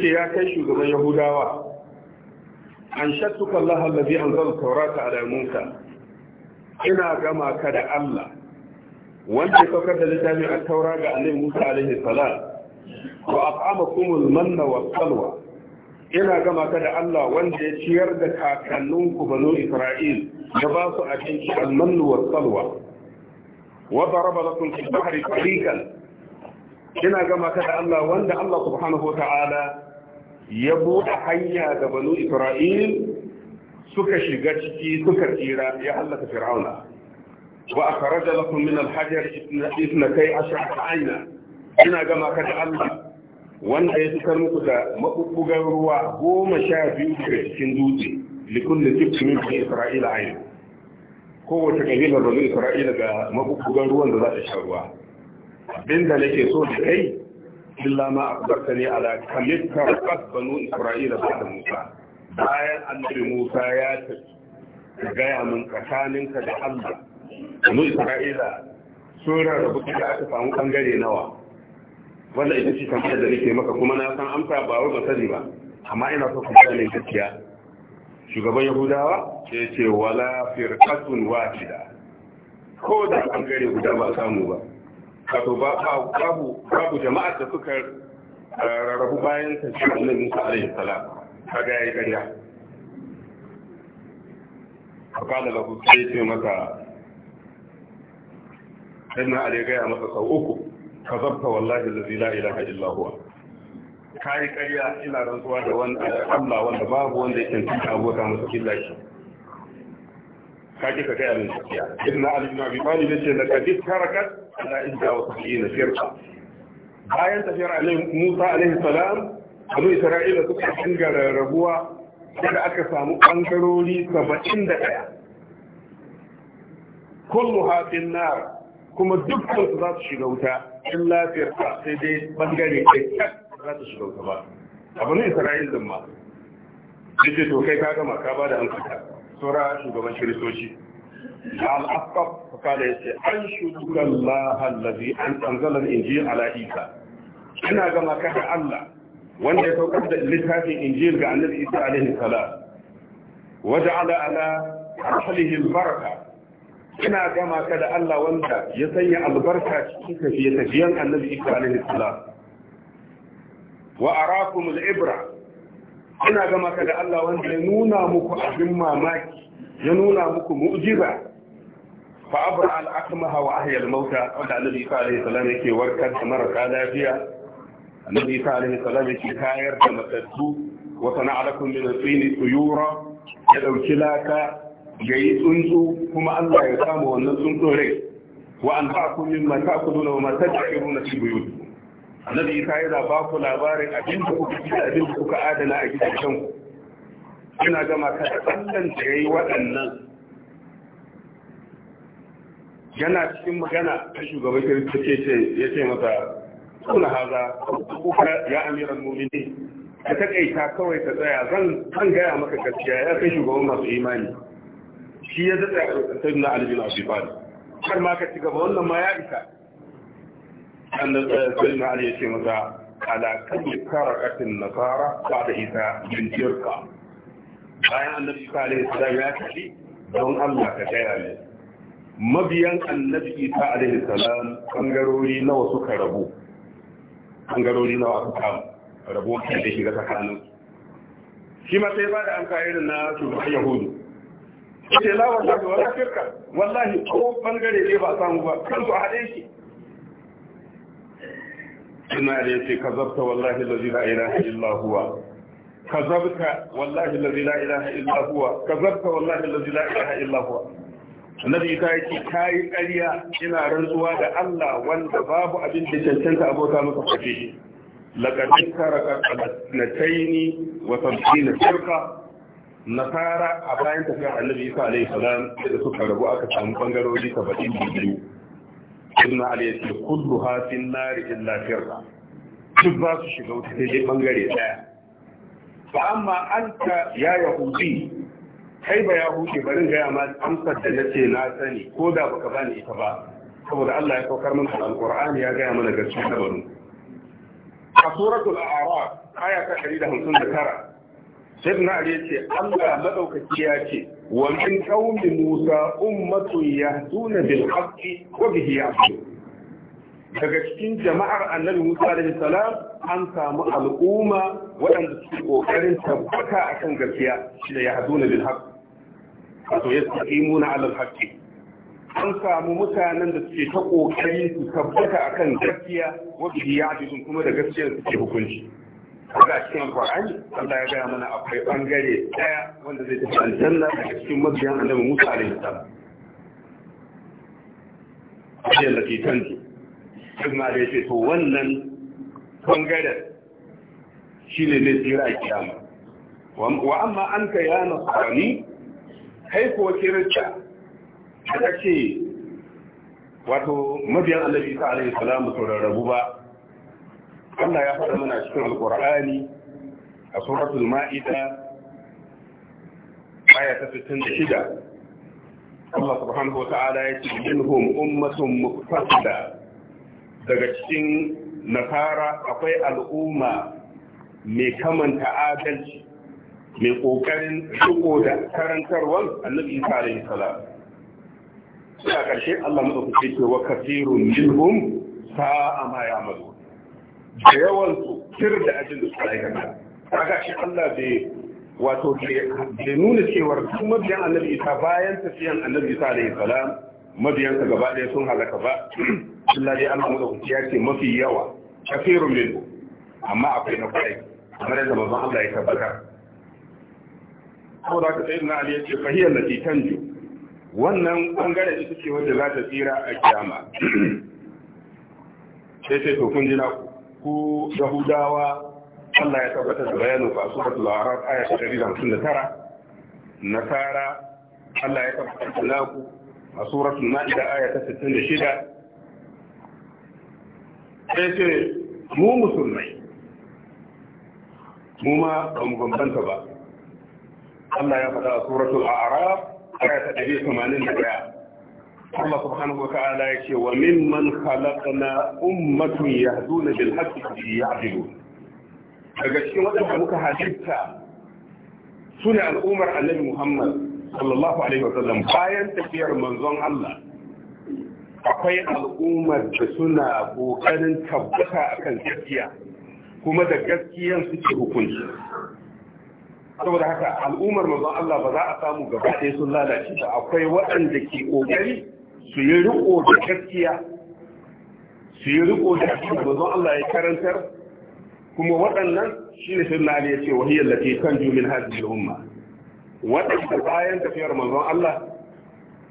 ce ya kai shugaban yahudawa an shattuka Allah allazi zan taurata ala Musa ina gama ka da Allah wanda ya saukar da littafin at-taura ga annabi Musa alaihi salam a at'amakum al-manna wa salwa ina gama ka da Allah wanda ya ciyar da kakanninku banu Isra'il ya ba su abinci al-manna wa salwa wa daraba lakum fil bahri tariqan Ina gama ka da Allah wanda Allah subhanahu wata'ala ya buɗe hanya da banu Isra'il suka shiga ciki suka tsira ya hallaka Fir'auna wa akhraja lakum min al-hajar ithnatay ashara ayna kina gama ka da Allah wanda ya fitar muku da mabubbugan ruwa goma sha biyu daga cikin dutse likulli tibtin min Isra'ila ayin kowace kabilar banu Isra'ila ga mabubbugan ruwan da za ta sha ruwa abinda nake so da kai illa ma ne ala kalitta qasbanu isra'ila ba'da musa bayan annabi musa ya tafi ka gaya min ka da allah banu isra'ila sun rarrabu da aka samu bangare nawa wanda ita ce tambayar da nake maka kuma na san amsa ba wai ba sani ba amma ina so ku sani gaskiya shugaban yahudawa ya ce wala firqatun wahida ko da bangare guda ba samu ba wato babu babu jama'ar da suka eh, rarrabu bayan tashi annabi Musa alaihi salam kaga yayi ƙarya fakala lahu sai ce masa sannan a daga gaya masa sau uku ka zabta wallahi lazi la ilaha illa huwa yi ƙarya ina rantsuwa da wanda Allah wanda babu wanda ya tantance abota masa illa shi kake ka gaya min gaskiya ibn ba ni abi ce yace laqad tarakat ala inda wa na firqa bayan tafiyar Musa alaihi salam Abu Isra'ila suka dingara rabuwa da aka samu bangarori 71 kulluha bin nar kuma dukkan su za su shiga wuta in lafiyar ka sai dai bangare ɗaya za su shiga wuta ba abu ne isra'il din ma sai to kai ka gama ka ba da an saura shugaban kiristoci al'afaf kada ya ce an shuduga lahallazi an tsanzalar injiyar ala isa ina gama kada allah wanda ya saukar da littafin injiyar ga annabi isa alaihi sala waje ala ala alhalihin baraka ina gama kada allah wanda ya sanya albarka cikin tafiye tafiyen annabi isa alaihi sala wa arakum al'ibra ina gama kada allah wanda ya nuna muku abin mamaki ya nuna muku mu'jiza fa abra al akmaha wa ahya al mauta wanda annabi isa alaihi salam yake warkar da marasa lafiya annabi isa alaihi salam yake kayar da matattu wa sana'a lakum min al-tin tuyura ya dauki laka yayi tsuntsu kuma Allah ya samu wannan tsuntsu rai wa an ba'akum mimma ta'kuluna wa ma tad'iruna fi buyutikum annabi isa yana ba ku labarin abin kuka ci abin da kuka adana a gidajenku yana gama ka da allan da ya yi waɗannan yana cikin magana ta shugaban kirista ce ya ce masa suna haza kuka ya amiran mumini ka taƙaita kawai ka tsaya zan gaya maka gaskiya ya kai shugaban masu imani shi ya zaɗa a tsarin na aljin abubani har ma ka ci gaba wannan ma ya isa annan tsarin na aljin ya ce masa alaƙar karar ƙasin nasara ba da isa jinkirka bayan annabi isa alaihi salam ya tafi don Allah ka gaya ne mabiyan annabi isa alaihi salam ɓangarori nawa suka rabu Ɓangarori nawa suka samu rabuwar kan da shiga tsakanin shi ma sai ba da amsa irin na shugaban yahudu ce la da wata firka wallahi ko bangare ne ba samu ba kansu a haɗe shi ina da ka kazabta wallahi lazi la ilaha illa huwa kazabta wallahi allazi la ilaha illa huwa kazabta wallahi allazi la illa huwa annabi ta yake kai ƙarya ina rantsuwa da Allah wanda babu abin da cancanta abota masa kafe shi laqad na qalataini wa tabtina shirka nasara a bayan tafiyar annabi isa alaihi salam da suka rabu aka samu bangarori 72 ibn ali yace kullu hafin nari illa firqa duk za su shiga wuta sai dai bangare ɗaya? ba amma anta ya yahudi kai ba ya huce bari gaya ma amsar da nace na sani ko da baka bani ita ba saboda Allah ya saukar mana alqur'ani ya gaya mana gaskiya da bari a suratul a'raf aya ta 159 sayyidina ali yace Allah madaukaki ya ce wa min qaumi musa ummatun yahduna bil haqqi wa bihi ya'dilun daga cikin jama'ar annabi Musa alaihi salam an samu al'umma waɗanda suke kokarin tabbata akan gaskiya da ya haduna bil haqq wato yastaqimuna ala al haqq an samu mutanen da suke ta kokari su tabbata akan gaskiya wanda ya'dilun kuma da gaskiyar suke hukunci daga cikin Qur'ani Allah ya gaya mana akwai bangare daya wanda zai tafi aljanna daga cikin mabiyan annabi Musa alaihi salam Ajiyar da ke canji, sun da ya ce to wannan bangaren shi ne zai tsira a kiyama wa amma an ka ya nasarani kai kuwa kirista a ta wato mabiyan annabi ta alaihi salamu to ba Allah ya faɗa mana cikin alƙur'ani a suratul ma'ida aya ta 66 Allah subhanahu wa ta'ala ya ce minhum ummatun muqtasida daga cikin nasara akwai al'umma mai kamanta adalci mai ƙoƙarin riko da karantarwar annabi isa alaihi salam sai a ƙarshe Allah kuke ce wa kafirun minhum sa'a ma ya'malu da yawan su kir da ajin da suka aikata kaga shi Allah bai wato bai nuna cewar duk mabiyan annabi isa bayan tafiyan annabi isa alaihi salam mabiyansa gaba ɗaya sun halaka ba illa dai Allah madaukaki ya ce mafi yawa kafirun minhu amma akwai na kwarai kamar yadda manzon Allah ya tabbatar saboda haka sayyidina Ali ya ce fahiyar lati tanju wannan bangare ita ce wanda za ta tsira a kiyama sai sai to kun jina ku Yahudawa Allah ya tabbatar da bayanin ba su da Arab aya ta 159 Nasara Allah ya tabbatar da ku a suratul Ma'idah aya ta 66 sai ce mu musulmai mu ma ba mu bambanta ba Allah ya faɗa a suratul a'raf aya ta tamanin da ɗaya. Allah subhanahu wa ta'ala ya ce wa mimman khalaqna ummatun yahduna bil haqqi ya'dilun daga cikin waɗanda muka halitta sune al'ummar Annabi Muhammad sallallahu alaihi wa sallam bayan tafiyar manzon Allah akwai al'ummar da suna ƙoƙarin tabbata akan gaskiya kuma da gaskiyan suke hukunci saboda haka al'ummar mazan Allah ba za a samu gaba ɗaya sun lalace ba akwai waɗanda ke ƙoƙari su yi riko da gaskiya su yi riko da gaskiya, mazan Allah ya karantar kuma waɗannan shi ne sun na'ali ya ce wahiyar da ke kan jumin hajji da umma waɗanda bayan tafiyar mazan Allah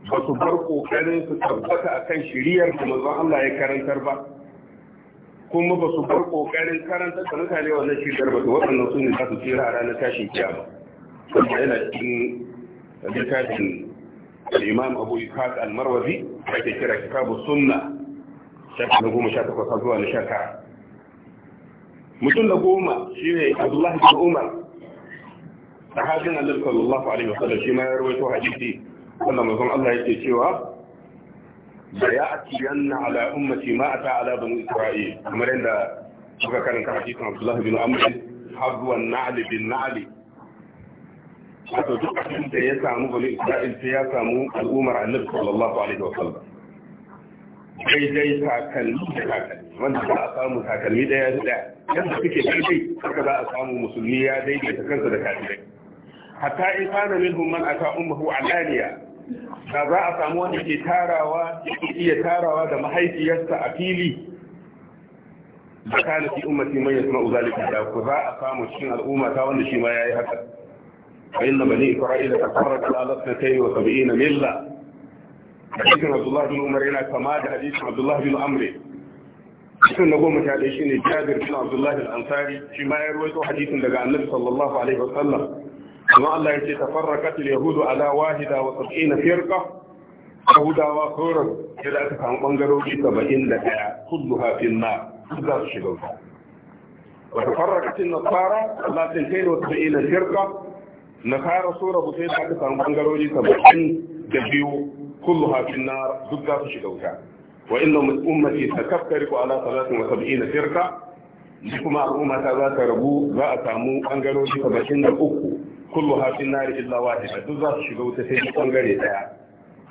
ba su bar ƙoƙarin su tabbata akan shiriyar da manzon Allah ya karantar ba kuma ba su bar kokarin karantar da mutane wannan shiriyar ba to waɗannan su ne za su tsira a ranar tashin kiyama Kuma yana cikin littafin الإمام أبو إسحاق المروزي حيث كرا كتاب السنة شاف نقوم شاف قصدوا نشاكا متن نقوم شيء Abdullahi bin Umar, عمر صحابي النبي صلى الله shi وسلم شيما يروي حديثي wanda mazan Allah yake cewa da ya ati yanna ala ummati ma ata ala banu isra'il kamar yadda suka karanta a cikin Abdullahi bin Amr habwa na'l bin na'l wato duk abin da ya samu banu isra'il sai ya samu al'ummar annabi sallallahu alaihi wa sallam daidai takalmi da takalmi wanda za a samu takalmi daya da daya, yadda suke daidai haka za a samu musulmi ya daidaita kansa da kafirai hatta in kana minhum man ata ummuhu alaniya da za a samu wanda ke tarawa iya tarawa da mahaifiyarsa a fili da kana fi ummati man yasma'u zalika da ku za a samu cikin al'umma ta wanda shi ma yi haka fa inna bani isra'ila ta ta fara tafarraqu ala 72 milla hadisin Abdullahi bin umar yana kama da hadisin Abdullahi bin amr cikin na goma sha ɗaya shi ne jabir bin Abdullahi al-ansari shi ma ya rawaito hadisin daga annabi sallallahu alaihi wasallam amma Allah ya ce tafarraqat al-yahudu ala wahida wa sab'ina firqa yahudawa sauran yadda aka samu bangarori saba'in da ɗaya kullu hafin na za su shiga wuta wata farrakacin nasara latin kai da wata ba'ina shirka nasara su rabu sai da aka samu bangarori saba'in da biyu kullu hafin na duk za su shiga wuta wa inna ummati takaffari ko ala salatin wa sab'ina shirka kuma al'umma ta za ta rabu za a samu bangarori saba'in da uku kullu hafin nari illa wahida duk za su shiga wuta sai bangare daya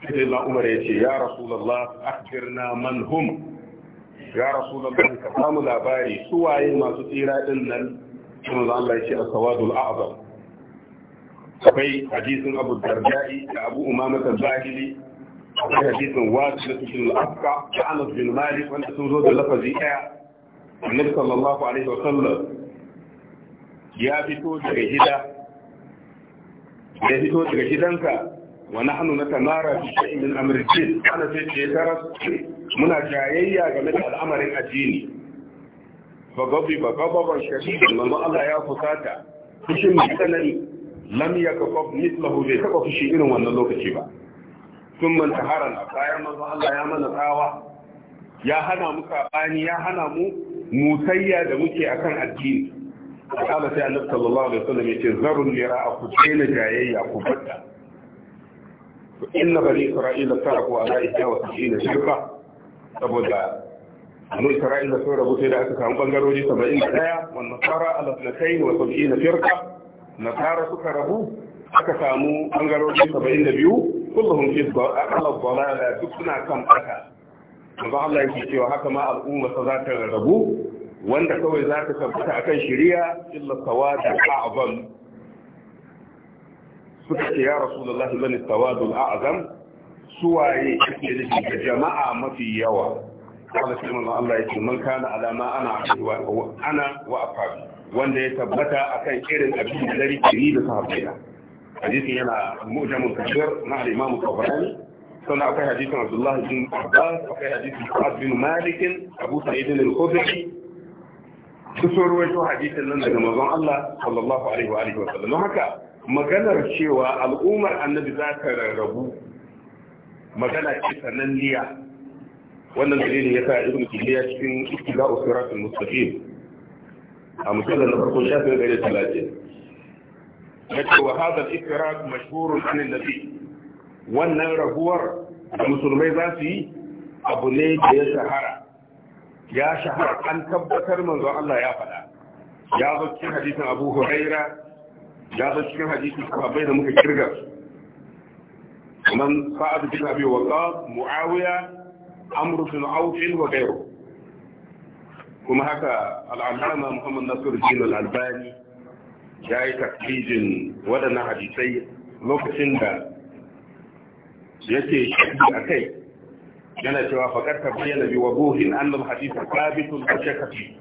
sai na umar ya ce ya rasulallah akhbirna man hum ya rasulullah ka samu labari su waye masu tsira din nan sun Allah ya ce as-sawadul a'zam akwai hadisin Abu Darda'i da Abu Umama al-Zahili akwai hadisin Wasil bin al-Afqa da Anas bin Malik wanda sun zo da lafazi daya Annabi sallallahu alaihi wa sallam ya fito daga gida ya fito daga gidansa, wa nahnu natamara bi shay'in min amri din ana sai ce taras muna jayayya game da al'amarin addini fa gabi ba gababan shadid manzo Allah ya fusata fushin mai tsanani lam yakaf mithlahu bai taba fushi irin wannan lokaci ba sun man na bayan manzo Allah ya mana tsawa ya hana mu sabani ya hana mu musayya da muke akan addini قال sai annabi sallallahu alaihi wasallam yace zarun lira ku tsena jayayya ku fadda inna bani isra'ila taraku ala ihda wa sab'ina shirka saboda bani isra'ila sun rabu sai da aka samu bangarori 71 wan nasara ala 2 wa sab'ina shirka nasara suka rabu aka samu bangarori 72 kullum fi ala dhalala duk suna kan fata manzo Allah yake cewa haka ma al'umma za ta rabu wanda kawai za ka tabbata akan shari'a illa sawadul a'zam suka ce ya rasulullahi man sawadul a'zam suwaye kake da shi ga jama'a mafi yawa Allah shi manzo Allah ya yake man kana alama ana wa ana wa afabi wanda ya tabbata akan irin abin da dari kiri da sahabbaina hadisin yana mu'jamul kabir na al-imam tabarani sannan akwai hadisin Abdullahi bin Abbas akwai hadisin Sa'ad Malik Abu Sa'id al-Khudri su so ruwaito hadisin nan daga manzon Allah sallallahu alaihi wa alihi wa sallam haka maganar cewa al'ummar annabi za ta rarrabu magana ce sananniya wannan dalilin ya sa ibnu tabiya cikin ittila usratul mustaqim a musallan na farko shafin gare talatin yace wa hadha al-ifrat mashhurun an nabi wannan rabuwar da musulmai za su yi abu ne da ya shahara ya shahar an tabbatar manzo Allah ya faɗa ya zo cikin hadisin Abu Huraira ya zo cikin hadisin sahabbai da muka kirga kaman Sa'ad bin Abi Waqqas Muawiya Amr bin Auf wa ghayru kuma haka al-Allama Muhammad Nasiruddin al-Albani ya yi taklijin waɗannan hadisai lokacin da yake shi a kai yana cewa faƙar tabbiyana bi wabuhin annal hadisa sabitun da shakka fi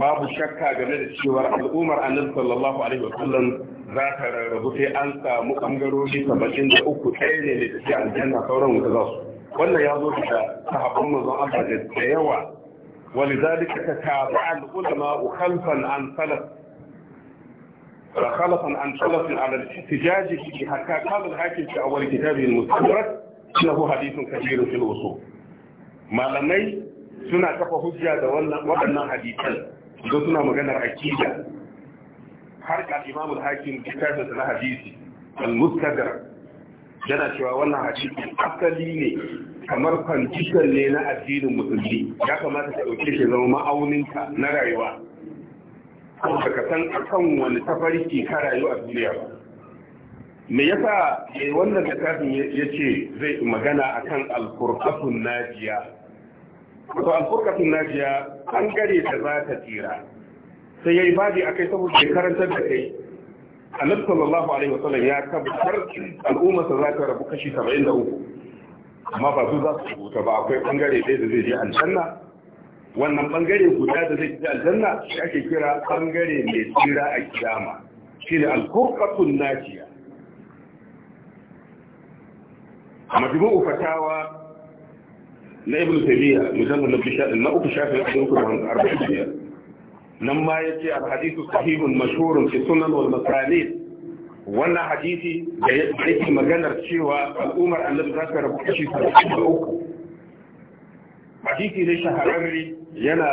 babu shakka game da cewar al'ummar annabi sallallahu alaihi wa sallam za ta rarrabu sai an samu ɓangarori saba'in da uku ɗaya ne da take aljanna sauran wuta za su wannan ya zo da sahabban manzon Allah da yawa ولذلك تتابع العلماء خلفا عن سلف خلفا عن سلف على الاحتجاج به حتى قال الحاكم في اول كتابه المستدرك innahu hadithun kabiru fil usul malamai suna kafa hujja da wannan waɗannan hadisan don suna maganar akida har ka imamu hakim kitabu na hadisi al-mustadrak yana cewa wannan hadisi asali ne kamar kwantikan ne na addinin musulmi ya kamata ka ɗauke shi zama ma'auninka na rayuwa saboda ka san akan wani tafarki ka rayu a duniya ba me yasa eh wannan littafin ya ce zai magana akan alfurqatun najiya to alfurqatun najiya an gare da za ta tsira sai yayi babi akai saboda ya karantar da kai annabi sallallahu alaihi wasallam ya tabbatar al'umma ta za ta rabu kashi 73 amma ba su za su rubuta ba akwai bangare ɗaya da zai je aljanna wannan bangare guda da zai je aljanna shi ake kira bangare mai tsira a kiyama shine alfurqatun najiya majmu'u fatawa na ibn tabiya mujallal na uku shafin da uku da arba'in biyar nan ma ya ce alhadisu sahihun mashhurun wannan hadisi da yake maganar cewa al'ummar annabi za ta rabu kashi da uku hadisi ne shahararri yana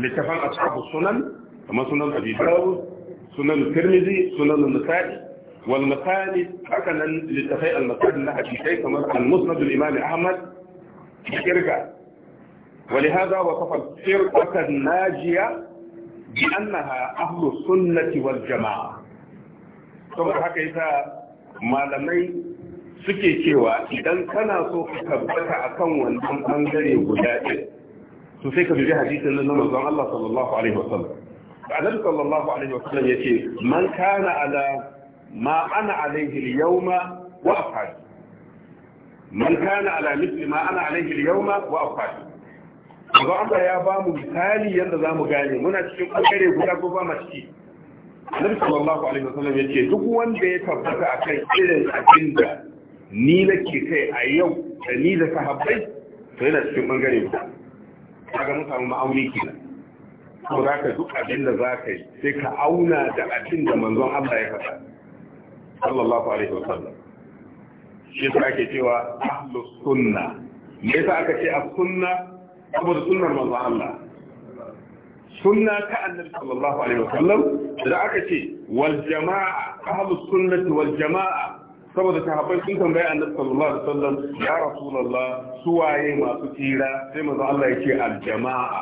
littafan ashabu sunan kamar sunan abi dawud sunan tirmidhi sunan nasa'i wal masalih nan littafai al masalih na hadisai kamar al musnad ahmad kirga ولهذا وصف الفرقة الناجية بأنها أهل السنة والجماعة ثم هكذا ما لمي suke cewa idan kana so ka tabbata a kan wannan bangare guda ɗin to sai ka bi hadisin nan na manzon Allah sallallahu alaihi wasallam annabi sallallahu alaihi wasallam yace man kana ala ma ana عليه اليوم yawma wa كان على مثل ما أنا ma ana alaihi al an wa ya ba mu misali yadda za mu gane muna cikin ɓangare guda ko ba ciki. Annabi sallallahu alaihi wasallam ya ce duk wanda ya tabbata akan irin abin da ni nake kai a yau da ni da sahabbai to yana cikin ɓangare guda. Kaga mun samu ma'auni kenan. Ko za ka duk abin da za ka yi sai ka auna da abin da manzon Allah ya faɗa. sallallahu alaihi wasallam shi yasa ake cewa ahlus sunna me yasa aka ce a sunna saboda sunnar manzon Allah sunna ta annabi sallallahu alaihi wa sallam. da aka ce wal jama'a ahlus sunnati wal jama'a saboda sahabbai sun tambaye annabi sallallahu alaihi wa sallam. ya rasulullah suwaye masu tsira sai manzon Allah ce al jama'a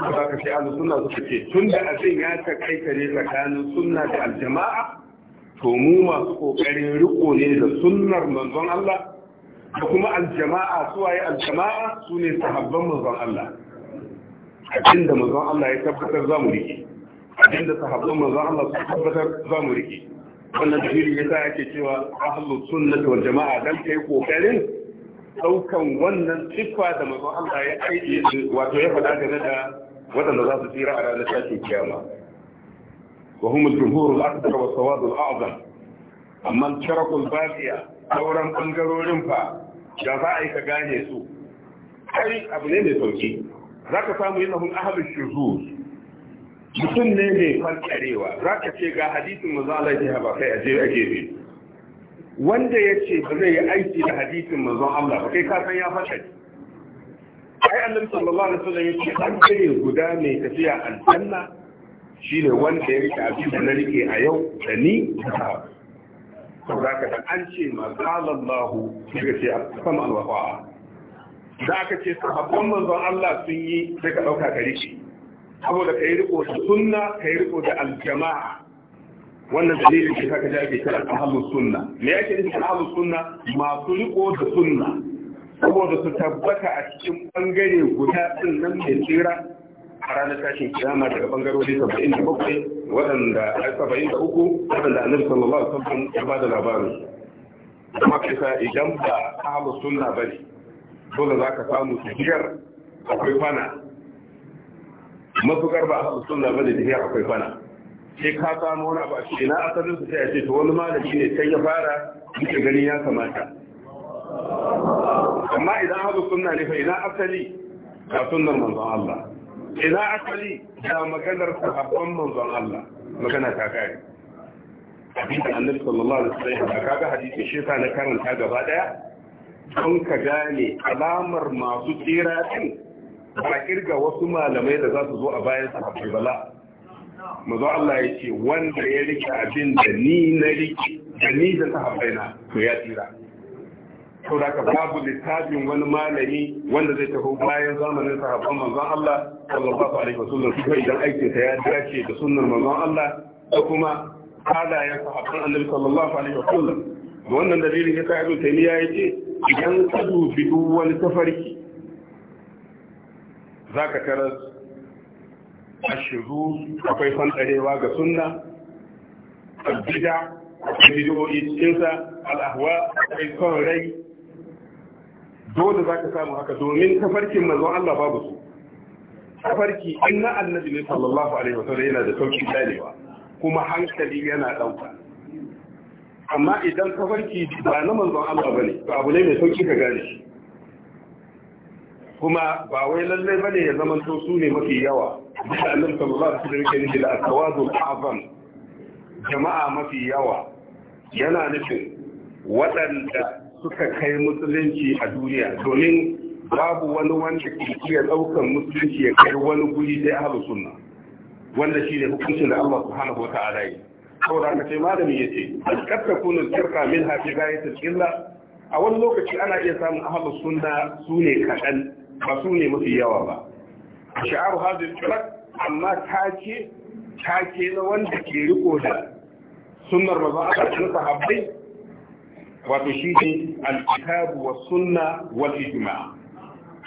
saboda aka ce ahlus sunna suka ce da abin ya ta kai kare tsakanin sunna da al to mu masu kokarin riko ne da sunnar manzon Allah da kuma aljama'a suwaye aljama'a su ne sahabban manzon Allah abinda manzon Allah ya tabbatar za mu rike abinda sahabban manzon Allah su tabbatar za mu rike wannan ya sa ake cewa ahlus sunnah wal jama'a dan kai kokarin daukan wannan siffa da manzon Allah ya aiki wato ya faɗa game da waɗanda za su tsira a ranar tashin kiyama وهم الجمهور الأكبر والسواد الأعظم أما الشرق الباقية sauran ɓangarorin fa da za a yi ka gane su سامو abu ne mai sauki za ka samu yin mutum ne mai fankarewa za ka ce ga hadisin manzo ya ba kai aje a gefe wanda ya ce ba zai yi aiki da hadisin manzo Allah ba kai ka san ya ai annabi sallallahu alaihi wasallam ya ce an guda mai tafiya aljanna shi ne wanda ya rike abin da na rike a yau da ni da ta saboda ka an ce ma qalallahu daga ce sama alwafa da aka ce sahabban manzon Allah sun yi sai ka dauka ka rike saboda kai riko da sunna kai riko da aljama'a wannan dalilin da kaka ji ake kira ahlus sunna me yake nufi ahlus sunna masu riko da sunna saboda su tabbata a cikin bangare guda din nan mai tsira a ranar tashin kiyama daga bangarori saba'in da bakwai waɗanda saba'in da uku waɗanda annabi sallallahu alaihi wasallam ya ba da labarin kuma kisa idan ba ahlus sunna bane dole za ka samu tafiyar akwai fana matukar ba ahlus sunna bane tafiyar akwai fana sai ka samu wani abu a cikin na asalin su sai a ce to wani malami ne sai ya fara muke gani ya kamata amma idan ahlus sunna ne fa ina asali ga sunnar manzon Allah ina asali da maganar sahabban manzon Allah magana ta kare abin da annabi sallallahu alaihi wasallam da kaga hadisi shi sa na karanta gaba daya don ka gane alamar masu tsira din ba kirga wasu malamai da za su zo a bayan sahabbai bala mazo Allah ya ce wanda ya rike abin da ni na rike da ni da sahabbai na to ya tsira da saboda babu littafin wani malami wanda zai taho bayan zamanin sahabban manzon Allah sallallahu alaihi wa sallam shi kuma idan aikin sa ya dace da sunnar manzon Allah da kuma halayen sahabban annabi sallallahu alaihi wasallam da wannan dalilin ya sa ibn yi ce idan ka dubi duk wani tafarki zaka tarar ashiru akwai fantarewa ga sunna bid'a akwai bid'o'i cikinsa al'ahwa akwai son rai dole za ka samu haka domin tafarkin manzon Allah babu su tafarki in na annabi ne sallallahu alaihi wasallam yana da sauki ganewa kuma hankali yana dauka amma idan tafarki ba na manzon Allah bane to abu ne mai sauki ka gane shi kuma ba wai lalle bane ya zama to su ne mafi yawa da annabi sallallahu alaihi wasallam yake nufi da al azam jama'a mafi yawa yana nufin waɗanda suka kai musulunci a duniya domin babu wani wanda ke iya ɗaukan musulunci ya kai wani guri sai ahlu sunna wanda shi ne hukuncin da Allah subhanahu wata'ala yi saboda haka sai malami ya ce kad takunu shirka min hafi fi ghayatil illa a wani lokaci ana iya samun ahlu sunna su ne kaɗan ba su ne mafi yawa ba sha'aru hadhihi shirk amma take take na wanda ke riko da sunnar manzon Allah sun sahabbai wato shi ne alkitabu wa sunna wal ijma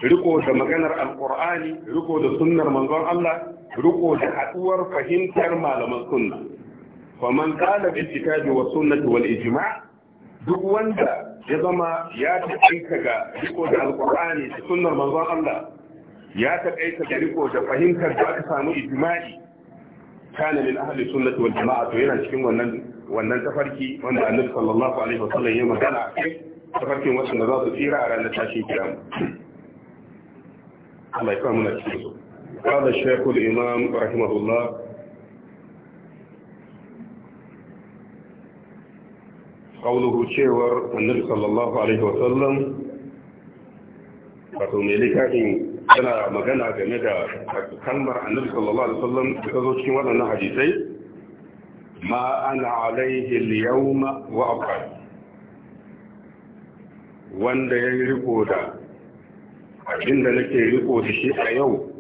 riko da maganar alkur'ani riko da sunnar manzon Allah riko da haduwar fahimtar malaman sunna faman qala bil kitabi was sunnati wal ijma' duk wanda ya zama ya taƙaita ga riko da alkur'ani da sunnar manzon Allah ya taƙaita ga riko da fahimtar da aka samu ijma'i kana min ahli sunnati wal jama'a to yana cikin wannan wannan tafarki wanda annabi sallallahu alaihi wasallam ya magana tafarkin wasu da za su tsira a ranar tashin kiyama Allah ya samu na cikin su قال الشيخ الإمام رحمه الله قوله شيور النبي صلى الله عليه وسلم wato mai littafin yana magana game da kalmar annabi sallallahu alaihi wasallam da ta zo cikin waɗannan hadisai ma ana alaihi al-yawma wa abqad wanda ya riko da Abin da nake riko da shi a yau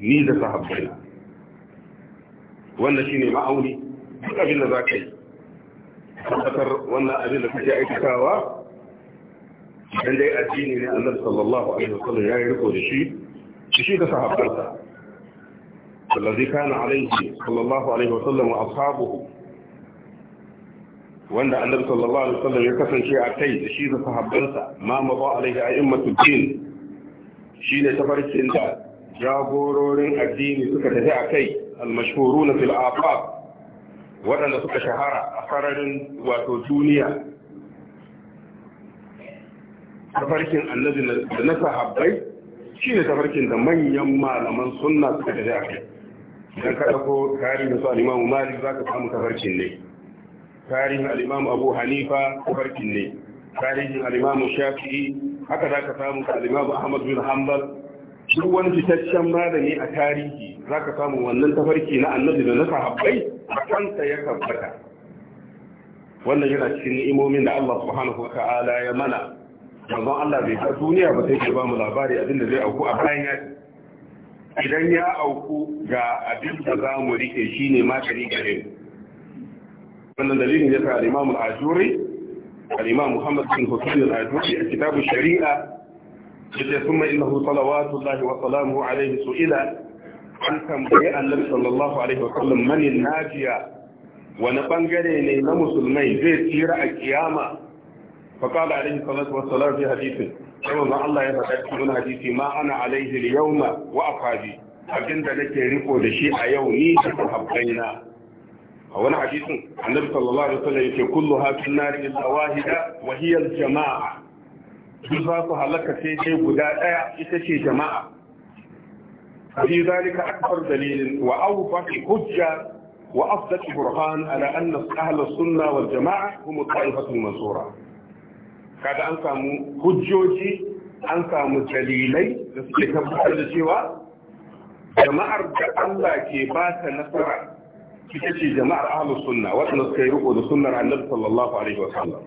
ni da sahabbai wannan shine ma'auni duk abin da za ka yi tabbatar wannan abin da kake aikatawa Dan dai addini ne annabi sallallahu alaihi wasallam ya yi riko da shi shi da sahabbansa الذي كان عليه صلى الله عليه وسلم وأصحابه wanda annabi sallallahu alaihi wasallam ya kasance a kai da shi da sahabbansa ma ma ba alaihi a'immatul din shine tafarkin da jagororin addini suka tafi a kai al mashhurun fil afaq waɗanda suka shahara a sararin wato duniya tafarkin annabi da na sahabbai shine tafarkin da manyan malaman sunna suka tafi a kai kada ko ɗauko da su al-imamu malik zaka samu tafarkin ne tarihin al'imamu abu hanifa farkin ne tarihin al'imamu shafi'i haka za ka samu al'imamu ahmad bin hanbal duk wani fitaccen malami a tarihi za ka samu wannan tafarki na annabi da na sahabbai a kansa ya tabbata wannan yana cikin ni'imomin da Allah subhanahu wa ta'ala ya mana manzon Allah bai ta duniya ba sai ba mu labari abin da zai auku a bayan ya idan ya auku ga abin da za mu rike shine magani gare mu wannan dalilin ya sa al-Imam al-Ajuri al-Imam Muhammad bin Husayn al-Ajuri a kitabu Shari'a yace kuma innahu salawatullahi wa salamuhu alayhi su'ila an tambaye Annabi sallallahu alaihi wa sallam man najiya wani bangare ne na musulmai zai tsira a kiyama fa qala alayhi salatu wa salam fi hadithin sai manzon Allah ya faɗa cikin hadisi ma ana alayhi al-yawma wa afadi abinda nake riko da shi a yau ni da sahabbaina a wani hadisin annabi sallallahu alaihi wasallam yake kullu hafin nari illa wahida wa hiya jamaa duk za su halaka sai dai guda daya ita ce jama'a fi zalika akbar dalilin wa awfa hujja wa afdal burhan ala anna ahlus sunna wal jamaa hum ta'ifatul mansura kada an samu hujjoji an samu dalilai da suke tabbatar da cewa jama'ar da Allah ke ba ta nasara ita ce jama'ar ahlus sunna waɗanda suka yi riko da sunnar annabi sallallahu alaihi wa sallam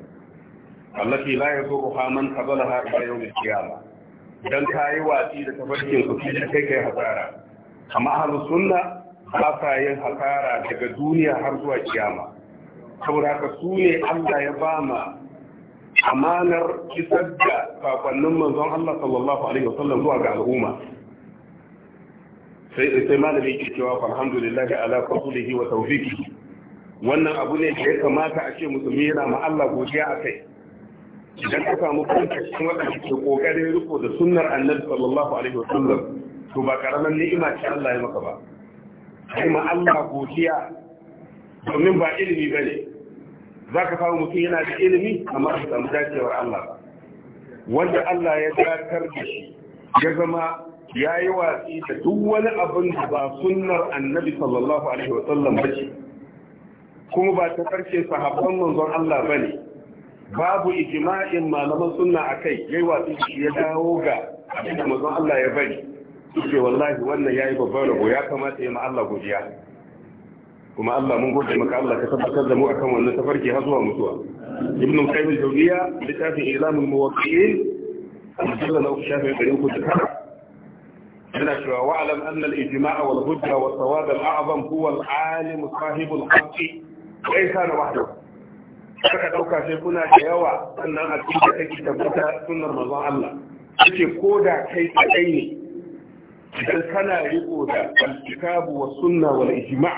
allati la yadurruha man qabalaha ila yawm al-qiyamah dan kai wati da tafarkin su kai kai hasara amma ahlus sunna ba sa yin hasara daga duniya har zuwa kiyama saboda haka su ne Allah ya ba ma amanar kisar da sakonnin manzon Allah sallallahu alaihi wa sallam zuwa ga al'umma sai sai malami ke cewa alhamdulillah ala fadlihi wa tawfiqihi wannan abu ne da ya kamata a ce musulmi yana ma Allah godiya a kai idan ka samu kanka cikin waɗanda ke kokarin riko da sunnar annabi sallallahu alaihi wasallam to ba karaman ni'ima ce Allah ya maka ba kai ma Allah godiya domin ba ilimi bane ka samu mutum yana da ilimi amma ba samu dacewar Allah ba wanda Allah ya dakar da shi ya zama ya yi watsi da duk wani abin da ba sunnar annabi sallallahu alaihi wa sallam ba ce kuma ba ta karshe sahabban manzon Allah ba ne babu ijma'in malaman sunna a kai ya yi watsi da shi ya dawo ga abin da manzon Allah ya bari ce wallahi wannan ya yi babban rabo ya kamata ya ma Allah godiya kuma Allah mun gode maka Allah ka tabbatar da mu akan wannan tafarki har zuwa mutuwa ibnu qayyim jawziya littafin ilamul muwaqqi'in mujallal na uku shafin 300 yana cewa wa'alam annal ijma'a wal hujja wa sawab al a'zam huwa al alim sahib al haqqi laysa wahdahu saka dauka sai kuna da yawa sannan a cikin da take tabbata sunnar manzon Allah yake koda kai kadai ne idan kana riko da al-kitabu was sunna wal ijma'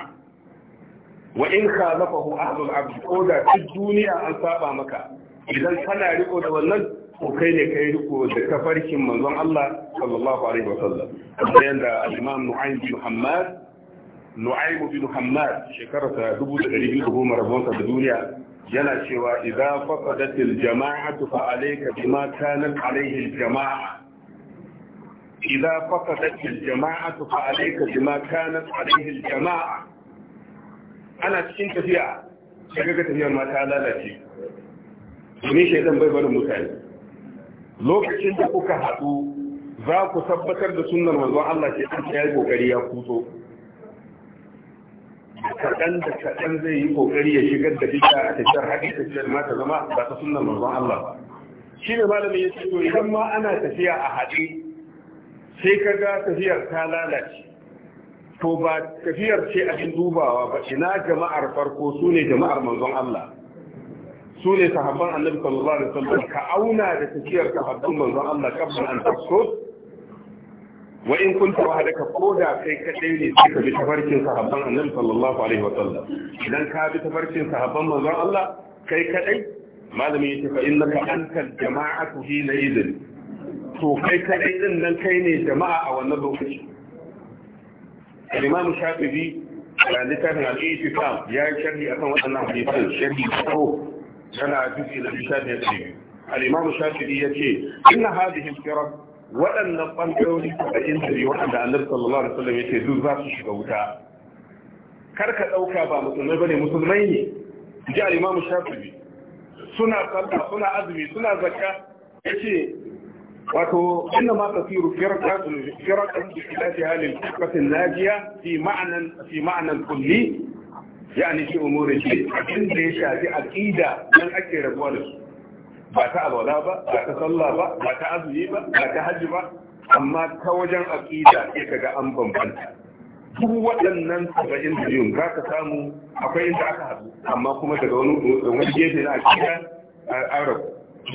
wa in khalafahu ahlul abd koda duk duniya an saba maka idan kana riko da wannan ko kai ne kai riko da tafarkin manzon Allah sallallahu alaihi wasallam kamar yadda al-Imam Nu'aym bin Muhammad Nu'aym bin Muhammad shekarar ta 2010 rabonsa da duniya yana cewa idza faqadatil jama'atu fa alayka bima kanat alayhi al-jama'a idza faqadatil jama'atu fa alayka bima kanat alayhi al-jama'a ana cikin tafiya sai ga tafiyar mata lalace domin shaidan bai barin mutane lokacin da kuka haɗu za ku tabbatar da sunan manzon Allah sai an ya yi kokari ya kuso kaɗan da kaɗan zai yi ƙoƙari ya shigar da bid'a a tafiyar haɗi tafiyar ma ta zama ba ta sunan manzon Allah ba shi ne malamin ya ce to idan ma ana tafiya a haɗi sai ka ga tafiyar ta lalace to ba tafiyar ce a abin dubawa ba ina jama'ar farko su ne jama'ar manzon Allah su ne sahabban annabi sallallahu alaihi wasallam ka auna da tafiyar sahabban manzon Allah kafin an tafso wa in kunta wahdaka koda kai kadai ne sai ka bi tafarkin sahabban annabi sallallahu alaihi wasallam idan ka bi tafarkin sahabban manzon Allah kai kadai malami yace fa innaka antal jama'atu hina idin to kai kadai din nan kai ne jama'a a wannan lokaci al-imam shafi'i a littafin al-i'tikam ya yi sharhi akan waɗannan hadisan sharhi ko yana juzi na shafi ya ce al'imam shafi ya ce ina hadihin firar waɗannan ɓangarori da intari waɗanda annabi sallallahu alaihi wasallam ya ce duk za su shiga wuta kar ka ɗauka ba musulmai bane musulmai ne ji al'imam shafi suna sallah suna azumi suna zakka ya ce wato inna ma tasiru firqatun firqatun bi khilafiha lil firqatin najiya fi ma'nan fi ma'nan kulli ya ni shi umurin shi abin da ya shafi aqida nan ake rabuwa da su ba ta alwala ba ba ta sallah ba ba ta azumi ba ba ta hajji ba amma ta wajen aqida sai kaga an bambanta duk waɗannan saba'in da biyun za ka samu akwai inda aka haɗu amma kuma daga wani gefe na aqida arab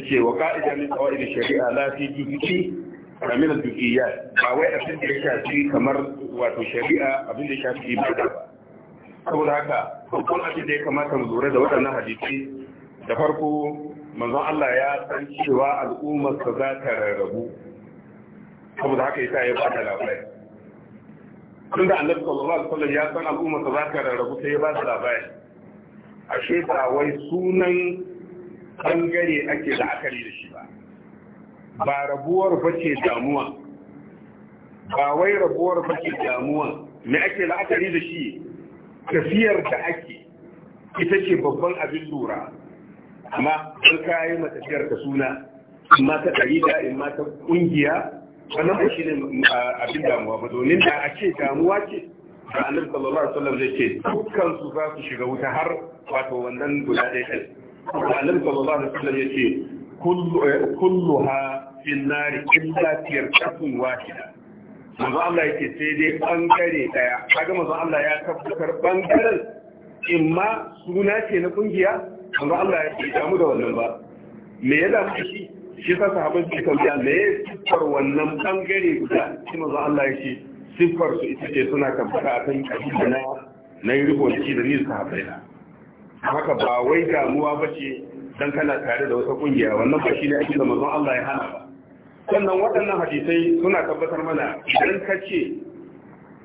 ce wa ka'ida min qawaid shari'a la fi juz'i min al ba wai abin da ya shafi kamar wato shari'a abin da ya shafi ibada ba saboda haka babban abin da ya kamata mu lura da waɗannan hadisi da farko manzon Allah ya san cewa al'ummar sa za ta rarrabu saboda haka yasa ya ba ta labari tun da annabi sallallahu alaihi wasallam ya san al'ummar sa za ta rarrabu sai ya ba ta labari ashe ba wai sunan bangare ake akali da shi ba ba rabuwar bace damuwa ba wai rabuwar bace damuwa me ake la'akari da shi tafiyar da ake ita ce babban abin lura amma an kayi matafiyar ka suna in ma ta ɗarida in ma ta ƙungiya wannan ba shi ne abin damuwa ba domin da a ce damuwa ce da annabi sallallahu alaihi wasallam zai ce dukkan su za su shiga wuta har wato wannan guda ɗaya ɗin da annabi sallallahu alaihi wasallam ya ce eh, kulluha fin nari illa kafin wahida manzo Allah yake sai dai bangare daya kaga manzo Allah ya tabbatar bangaren imma suna ce na kungiya manzo Allah ya ce damu da wannan ba me ya damu shi shi sa sahabbai kan tambaya me ya siffar wannan bangare guda shi manzo Allah ya ce siffar su ita ce suna tabbata akan kabila na na yi shi da ni sahabbai na haka ba wai damuwa ba ce dan kana tare da wata kungiya wannan ba shi ne ake da manzon Allah ya hana ba sannan waɗannan hadisai suna tabbatar mana idan ka ce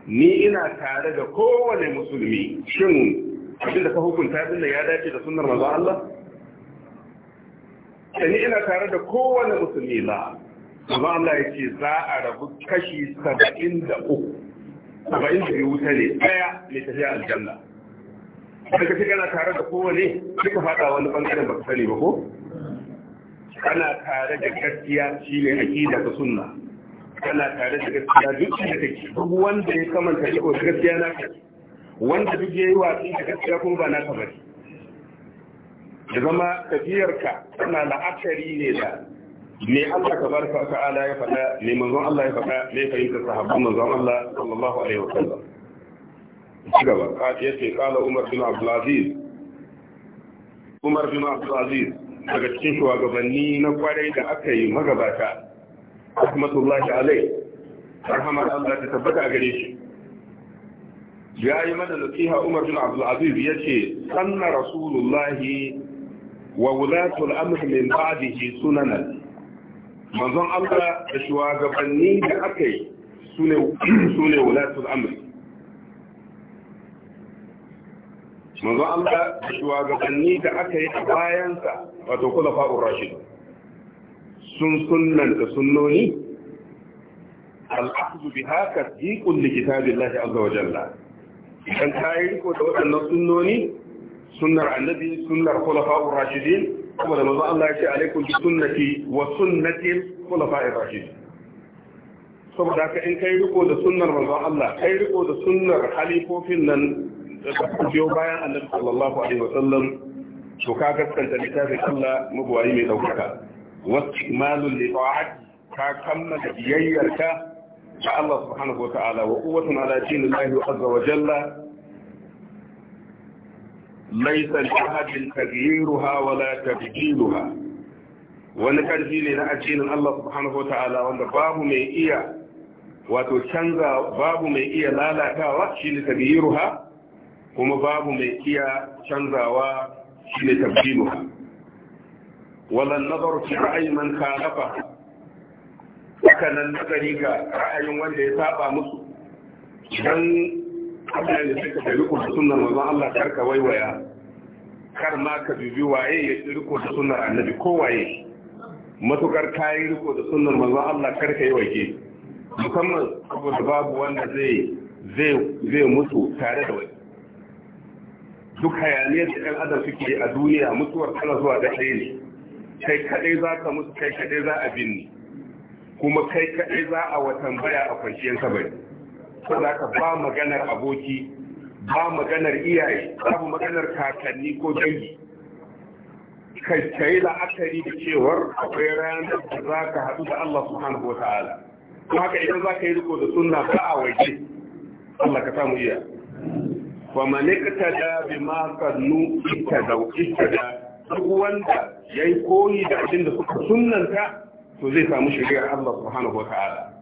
ni ina tare da kowane musulmi shin abin da ka hukunta abin da ya dace da sunnar manzo Allah ni ina tare da kowane musulmi la manzo Allah ce za a rabu kashi saba'in da uku. saba'in da biyu wuta ne ɗaya ne tafiya aljanna da kace kana tare da kowane duka faɗa wani ɓangaren ba ka sani ba ko kana tare da gaskiya shi ne aqida ta sunna kana tare da gaskiya duk da take duk wanda ya kamanta shi ko gaskiya na ka wanda duk yayi watsi da gaskiya kuma ba naka bane da zama tafiyarka tana la'akari ne da me Allah ka barka ka ala ya faɗa me manzon Allah ya faɗa me fahimtar sahabban manzon Allah sallallahu alaihi wa sallam ci gaba ka ce kala Umar bin Abdul Aziz Umar bin Abdul Aziz daga cikin shugabanni na kwarai da aka yi magabata rahmatullahi alai rahamar Allah ta tabbata a gare shi ya yi mana nasiha Umar bin Abdul Aziz ce, sanna rasulullahi wa wulatul amr min ba'dihi sunana. manzon Allah da shugabanni da aka yi sune sune wulatul amr manzo Allah da shugabanni da aka yi a bayansa wato kula fa'ur rashid sun sunnan da sunnoni al'ahdu biha tasdiqun li kitabillahi azza wa jalla idan ka yi riko da waɗannan sunnoni sunnar annabi sunnar khulafa'ur rashidin kuma da manzo Allah ya ce alaikum bi sunnati wa sunnati khulafa'ir rashidin saboda haka in kai riko da sunnar manzo Allah kai riko da sunnar halifofin nan biyo bayan annabi sallallahu alaihi wasallam to ka gaskanta littafin Allah mabawai mai daukaka واستكمال لطاعتك ككمل بييرك الله سبحانه وتعالى وقوة على دين الله عز وجل ليس لأحد تغييرها ولا تبديلها ونكر في لنا أجين الله سبحانه وتعالى وأن باب ميئية وتشنز باب ميئية لا لا تغييرها kuma babu mai iya canzawa shi ne tabbilu wallan nazar fi ra'ayi man khalafa haka nan nazari ga ra'ayin wanda ya saba musu idan abin da suka tafi kuma sunnar manzon Allah karka waiwaya kar ma ka bibi waye ya riko da sunan annabi ko waye matukar kayi riko da sunan manzon Allah karka yi waje musamman da babu wanda zai zai zai mutu tare da wani duk hayaniyar da ɗan adam suke a duniya mutuwar tana zuwa da ɗaya ne kai kaɗai za ka mutu kai kaɗai za a binne kuma kai kaɗai za a watan baya a kwanciyar sabai ko za ka ba maganar aboki ba maganar iyaye babu maganar kakanni ko dangi kai kai la'akari da cewar akwai ranar da za ka haɗu da Allah subhanahu wa ta'ala kuma haka idan za ka yi riko da sunna ba a waje Allah ka samu iya fa manikta da bi ma sannu duk wanda yi koyi da abin da suka sunnanta to zai samu shirya? Allah subhanahu wa ta'ala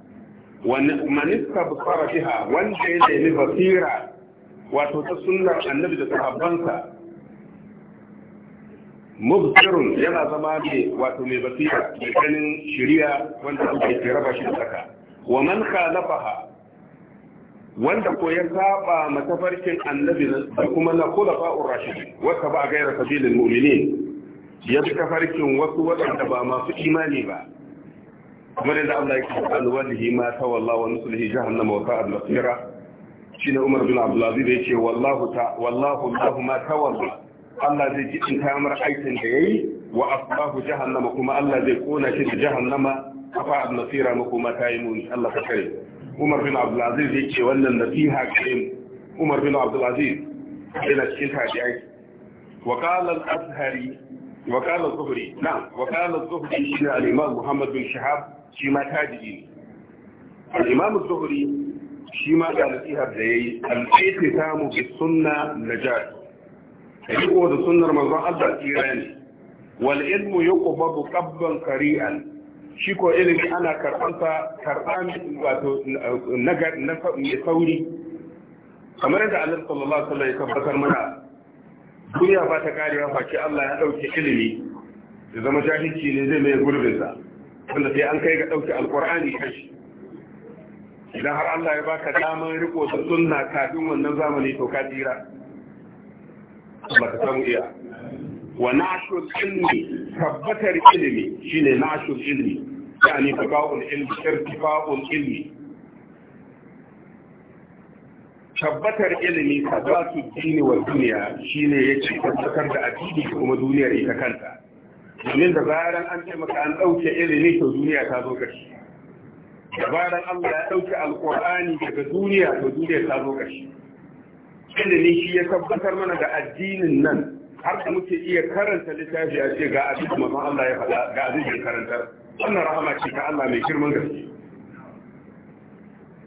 man istabsara biha wanda ya nemi basira wato ta sunnar annabi da sahabbansa mubsirun yana zama mai wato mai basira mai ganin shirya wanda ake raba shi da saka wa man khalafaha wanda ko ya saba matafarkin annabi da kuma na khulafa'ur rashidin wata ba gaira sabilin mu'minin ya bi tafarkin wasu waɗanda ba masu imani ba kuma da Allah ya kafa alwalihi ma ta wallahi wa nusulhi jahannama wa sa'ad masira shine Umar bin Abdulaziz da yake wallahu ta wallahu Allahu ma ta Allah zai ji in kamar aikin da yayi wa asbahu jahannama kuma Allah zai kona shi da jahannama kafa al-masira makoma ta yi muni Allah ka kare umar bin abdulaziz ya ce wannan da fi haƙarin umar bin abdulaziz yana cikin tabi'ai wakalar azhari shi ne al'imam muhammad bin shahab shi ma tajiri ne al'imam zuhuri shi ma ga nasihar da ya yi alƙaƙe samu sunna na jari a yi kowa da sunnar manzon allah tsirani wal ilmu ya ƙubabu ƙabban kari'an shi ko ilimi ana karɓansa karɓa wato na sauri kamar yadda Allah sallallahu alaihi wasallam ya tabbatar mana duniya ba ta ba face Allah ya dauke ilimi ya zama jahilci ne zai mai gurbin sa wanda sai an kai ga dauke alqur'ani kashi idan har Allah ya baka damar riko da sunna kafin wannan zamani to ka tsira Allah ka samu iya wa nashur ilmi tabbatar ilimi shine nashur ilmi yani tabaqul ilmi irtifa'ul ilmi tabbatar ilimi sabatu dini wa duniya shine yake tabbatar da addini kuma duniyar ita kanta domin da bayan an ce maka an dauke ilimi to duniya ta zo kashi da bayan Allah ya dauke alqur'ani daga duniya to duniya ta zo kashi ilimi shi ya tabbatar mana da addinin nan har da muke iya karanta littafi a ce ga abin da manzon Allah ya faɗa ga abin da karantar wannan rahama ce ta Allah mai girman gaske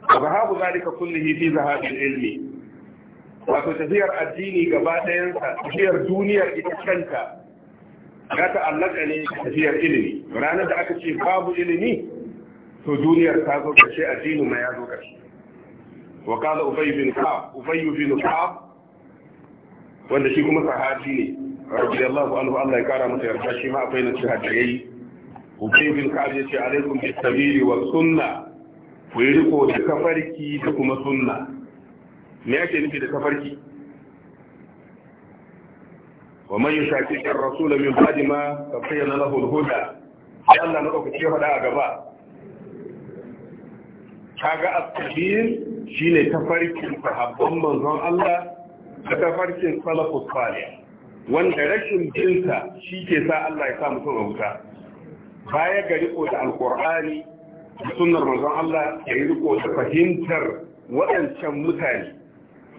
wa zahabu zalika kullihi fi zahabil ilmi wato tafiyar addini gaba ɗayansa tafiyar duniyar ita kanta ta ta'allaka ne tafiyar ilimi ranar da aka ce babu ilimi to duniyar ta zo ƙarshe addinin ma ya zo ƙarshe wa kala ubay bin ka'ab ubay bin ka'ab wanda shi kuma sahabi ne radiyallahu anhu Allah ya kara masa yarda shi ma akwai nan shahada yayi Ubay bin Ka'ab yace alaikum bis sabili was sunna ku yi riko da kafarki da kuma sunna me yake nufi da kafarki wa man yushaqiq ar-rasul min ba'di ma tabayyana lahu al-huda Allah madaukaki ya faɗa a gaba kaga as-sabil shine kafarkin sahabban manzon Allah da tafarkin salafus salih wanda rashin jinsa shi ke sa Allah ya sa mutum a wuta baya ga riko da alkur'ani da sunnar manzon Allah ya yi riko da fahimtar waɗancan mutane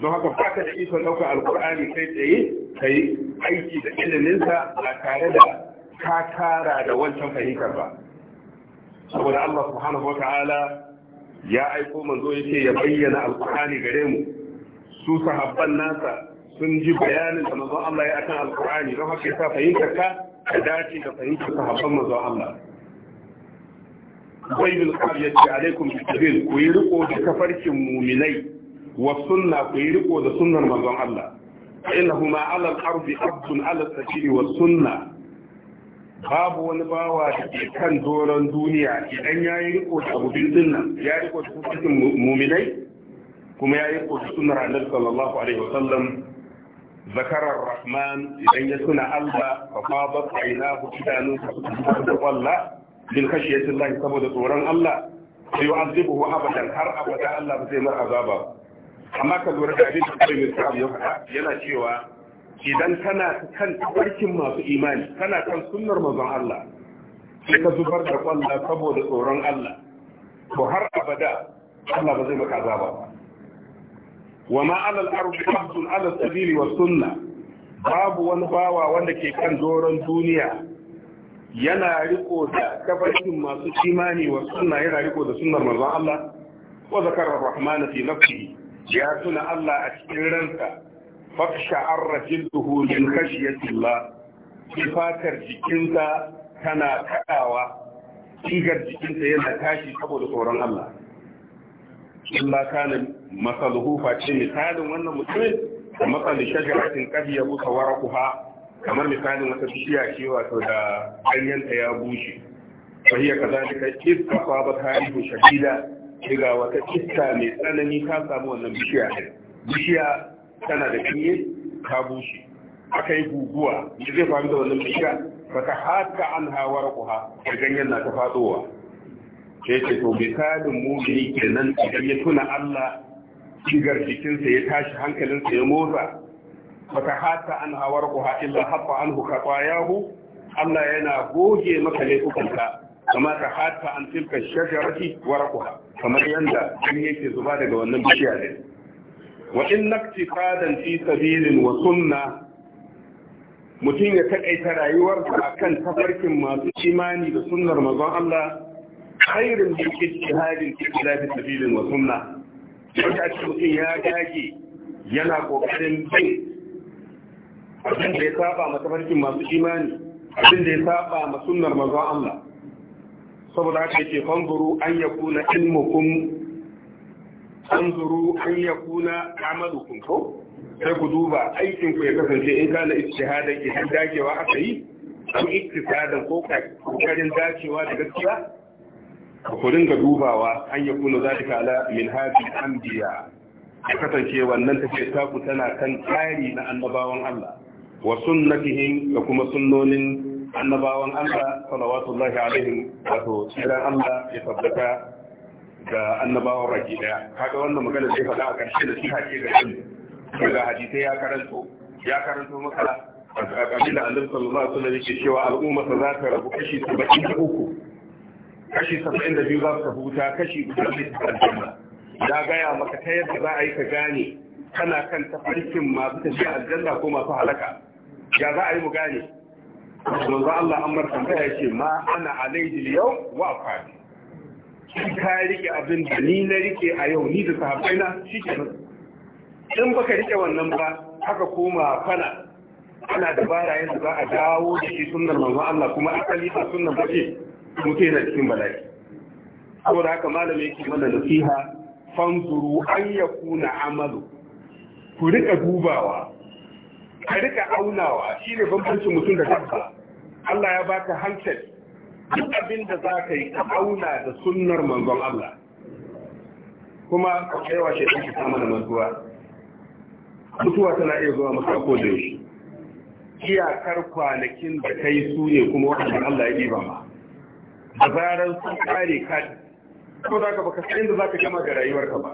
don haka baka da ikon ɗaukar alkur'ani kai tsaye ka yi aiki da iliminsa ba tare da ka tara da wancan fahimtar ba saboda Allah subhanahu wa ya aiko manzo yake ya bayyana alkur'ani gare mu su sahabban nasa sun ji bayanin da manzon Allah ya akan alkur'ani don haka yasa fahimta ka ka dace da fahimtar sahabban manzon Allah bai bil qaryati alaikum bi sabil ku yi riko da kafarkin mu'minai wa sunna ku yi riko da sunnar mazan Allah ina innahuma ala al abdun ala al wa sunna babu wani bawa da ke kan doron duniya idan ya yi riko da abubin bindin ya riko da kafarkin mu'minai kuma ya yi kotu sunar annabi sallallahu alaihi wasallam zakarar rahman idan ya suna allah fa fadat ainahu idanu da walla bil khashiyati allah saboda tsoron allah sai yu'azibuhu abadan har abada allah ba zai mar azaba amma ka lura da abin da kai mai ya faɗa yana cewa idan kana kan tabarkin masu imani kana kan sunnar manzon allah sai ka zubar da kwalla saboda tsoron allah to har abada Allah ba zai maka azaba ba wa ma alal ardi abdun ala sabili wa sunna babu wani bawa wanda ke kan doron duniya yana riko da tafarkin masu imani wa sunna yana riko da sunnar manzon Allah wa zakarar rahmana fi nafsihi ya tuna Allah a cikin ranka faksha arrajiltuhu min khashyatillah fatar jikinsa tana kadawa cigar jikinsa yana tashi saboda tsoron Allah kana masaluhu face misalin wannan mutumin da masalin shajaratin kabi ya buka warakuha kamar misalin wata bishiya ce wato da ganyenta ya bushe fahiyar ka zalika iska sabat harihu daga wata iska mai tsanani ta samu wannan bishiya ne bishiya tana da kinye ta bushe aka yi guguwa da zai faru da wannan bishiya ba ta haka an hawar kuha da ganyen na ta fadowa sai ce to misalin mumini kenan idan ya tuna Allah shigar jikinsa ya tashi hankalinsa ya motsa baka hata an hawar kuha illa haɓa an huka Allah yana goge maka laifukanka kama ta hata an tilka shajarati warakuha kamar yanda kan yake zuba daga wannan bishiya ne wa in naktifadan fi sabilin wa sunna mutum ya takaita rayuwarsa akan tafarkin masu imani da sunnar manzon Allah khairin bi ijtihadin fi sabilin wa sunna wanda ake mutum ya dage yana kokarin bin abin da ya saba ma tafarkin masu imani abin da ya saba ma sunnar manzon Allah saboda haka yake fanzuru an yakuna ilmukum fanzuru an kuna amalukum ko sai ku duba aikinku ya kasance in kana ijtihadan ke dagewa aka yi ko iktisadan ko kokarin dacewa da gaskiya Ka ku ringa dubawa an ya kuna zalika ala min an biya. ya kasance wannan ta take taku tana kan tsari na annabawan Allah wa sunnatihim da kuma sunnonin annabawan Allah salawatullahi alaihim wato tsiran Allah ya tabbata ga annabawan raki daya kaga wannan magana zai faɗa a ƙarshe da shi hake ga ilmi daga hadisai ya karanto ya karanto maka a kabila annabi sallallahu alaihi wasallam yake cewa al'umma za ta rabu kashi 73 kashi saba'in da biyu za su tafi wuta kashi guda zai tafi aljanna ya gaya maka ta yadda za a yi ka gane kana kan tafarkin masu tafiya aljanna ko masu halaka ya za a yi mu gane manzo Allah an bar ya ce ma ana alayhi yau wa afani shi ka rike abin da ni na rike a yau ni da sahabbai na shi ke nan in baka rike wannan ba haka koma kana ana dabara yadda za a dawo da shi sunnar manzo Allah kuma asali ba sunnar ba mutum yana cikin bala'i saboda haka malamai yake mana nasiha fanzuru an ya kuna amalu ku rika dubawa ka rika aunawa shine bambancin mutum da dabba Allah ya baka hankali duk abin da za ka yi ka auna da sunnar manzon Allah kuma ka kaiwa shi ɗan ta mana mantuwa mutuwa tana iya zuwa masu ko da yaushe iyakar kwanakin da kai su ne kuma wajen Allah ya ɗiba ma da zarar sun kare kaɗi. ko za ka baka san inda za ka gama ga rayuwarka ba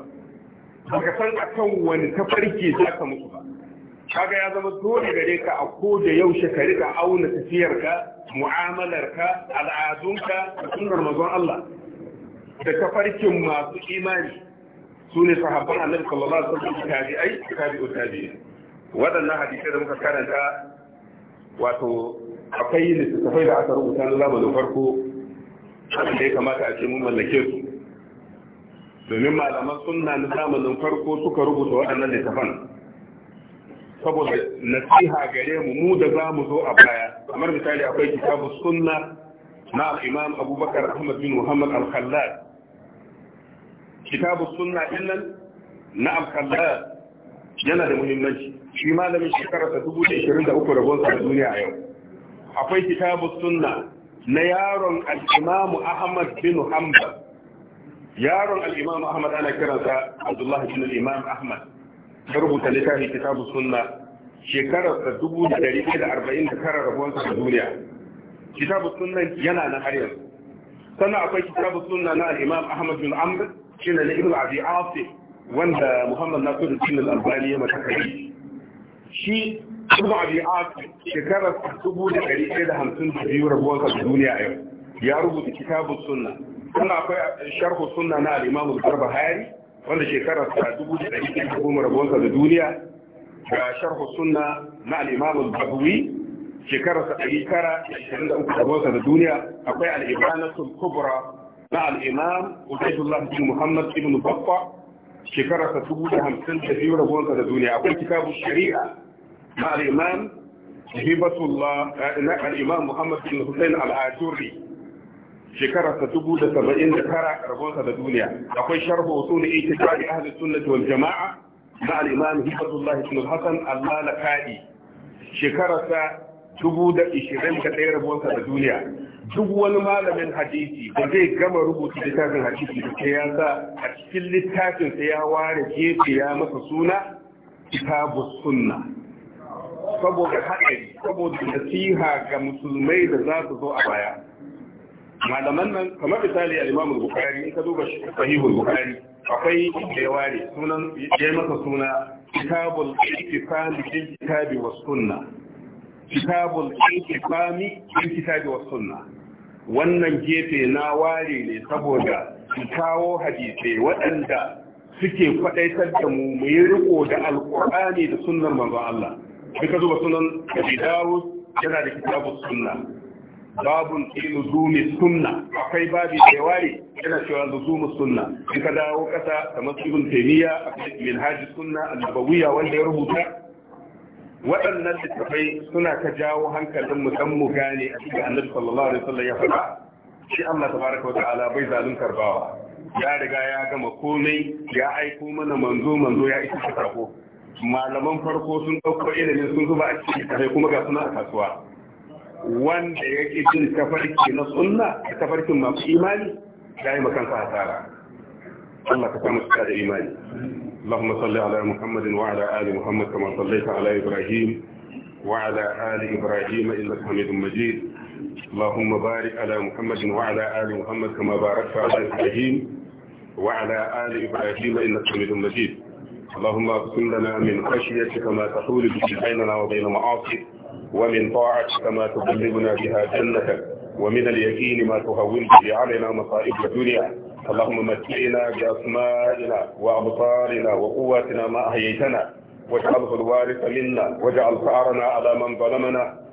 baka san a kan wani tafarki za ka mutu ba kaga ya zama dole gare ka a ko da yaushe ka rika auna tafiyarka mu'amalarka al'adunka da sunnar mazan Allah da tafarkin masu imani su ne sahabban annabi sallallahu alaihi wasallam tabi'ai tabi'u tabi'in waɗannan hadisai da muka karanta wato akwai littattafai da aka rubuta na zamanin farko da ya kamata a ce mun mallake su domin malaman sunna na zamanin farko suka rubuta waɗannan littafan saboda nasiha gare mu mu da za mu zo a baya kamar misali akwai kitabu sunna na imam abubakar ahmad bin muhammad al khalad kitabu sunna dinnan na al khalad yana da muhimmanci shi malamin shekarar ta 2023 gonsa sa duniya a yau akwai kitabu sunna na yaron al ahmad bin Muhammad. yaron al-imamu ahmad ana kiransa abdullahi bin al ahmad Ta rubuta littafi kitabu sunna shekararsa 1949 rabuwansa da duniya kitabu sunna yana na har yanzu sannan akwai kitabu sunna na al ahmad bin amr shi na ibn abi asim wanda muhammad na nasiruddin al-albani ya matakari shi Abu Abi Asim shekarar dubu da ɗari ɗaya da hamsin da biyu da duniya a yau ya rubuta kitabun sunna sannan akwai sharhu sunna na al-Imam Barbahari wanda shekarar sa dubu da ɗari ɗaya da goma rabuwarsa da duniya ga sharhu sunna na al-Imam Bahawi shekarar sa ɗari tara da ishirin da uku rabuwarsa da duniya akwai al-Ibanatul Kubra na al-Imam Ubaydullah bin Muhammad ibn Bakwa, shekarar sa dubu da hamsin da biyu rabuwarsa da duniya akwai kitabun shari'a مع الإمام هبة الله الإمام محمد بن حسين العاشوري shekarar ta saba'in da tara rabonsa da duniya akwai sharhu usuli itikadi ahli sunnati wal jama'a na al-imam hibatullah ibn hasan al-malakadi shekarar ta dubu da ishirin da ɗaya rabonsa da duniya duk wani malamin hadisi da zai gama rubuta littafin hadisi da sai ya sa a cikin littafinsa ya ware gefe ya masa suna kitabu sunna saboda haɗari saboda nasiha ga musulmai da za su zo a baya malaman nan kamar misali a imam bukhari in ka duba bukhari akwai da ya ware sunan ya masa suna kitabul ittifam bil kitabi wa sunna kitabul kitabi wa sunna wannan gefe na ware ne saboda su kawo hadisai waɗanda suke faɗaitar da mu mu yi riko da alƙur'ani da sunnar manzon Allah duka zuba sunan abi dawud yana da kitabu sunna babun fi luzumi sunna akwai babi da yawari yana cewa luzumi sunna in ka dawo kasa kamar ibn taymiya akwai minhaj sunna an wanda ya rubuta waɗannan littafai suna ka jawo hankalin mu mu gane a cikin annabi sallallahu alaihi wasallam ya faɗa shi Allah tabaraka wa ta'ala bai zalun karbawa. ya riga ya gama komai ya aiko mana manzo manzo ya isa sako malaman farko sun ɗauko ilimin sun zuba a cikin kafai kuma ga suna a kasuwa wanda ya ke jin tafarki na sunna da tafarkin masu imani ya yi makansa hasara Allah ka samu da imani اللهم صل على محمد وعلى آل محمد كما صليت على إبراهيم وعلى آل إبراهيم إنك حميد مجيد اللهم بارك على محمد وعلى آل محمد كما باركت على إبراهيم وعلى آل إبراهيم إنك حميد مجيد اللهم اغفر لنا من خشيتك ما تحول به بيننا وبين معاصيك ومن طاعتك ما تبلغنا بها جنتك ومن اليقين ما تهون به علينا مصائب الدنيا اللهم متعنا باسمائنا وابصارنا وقواتنا ما احييتنا واجعله الوارث منا واجعل ثارنا على من ظلمنا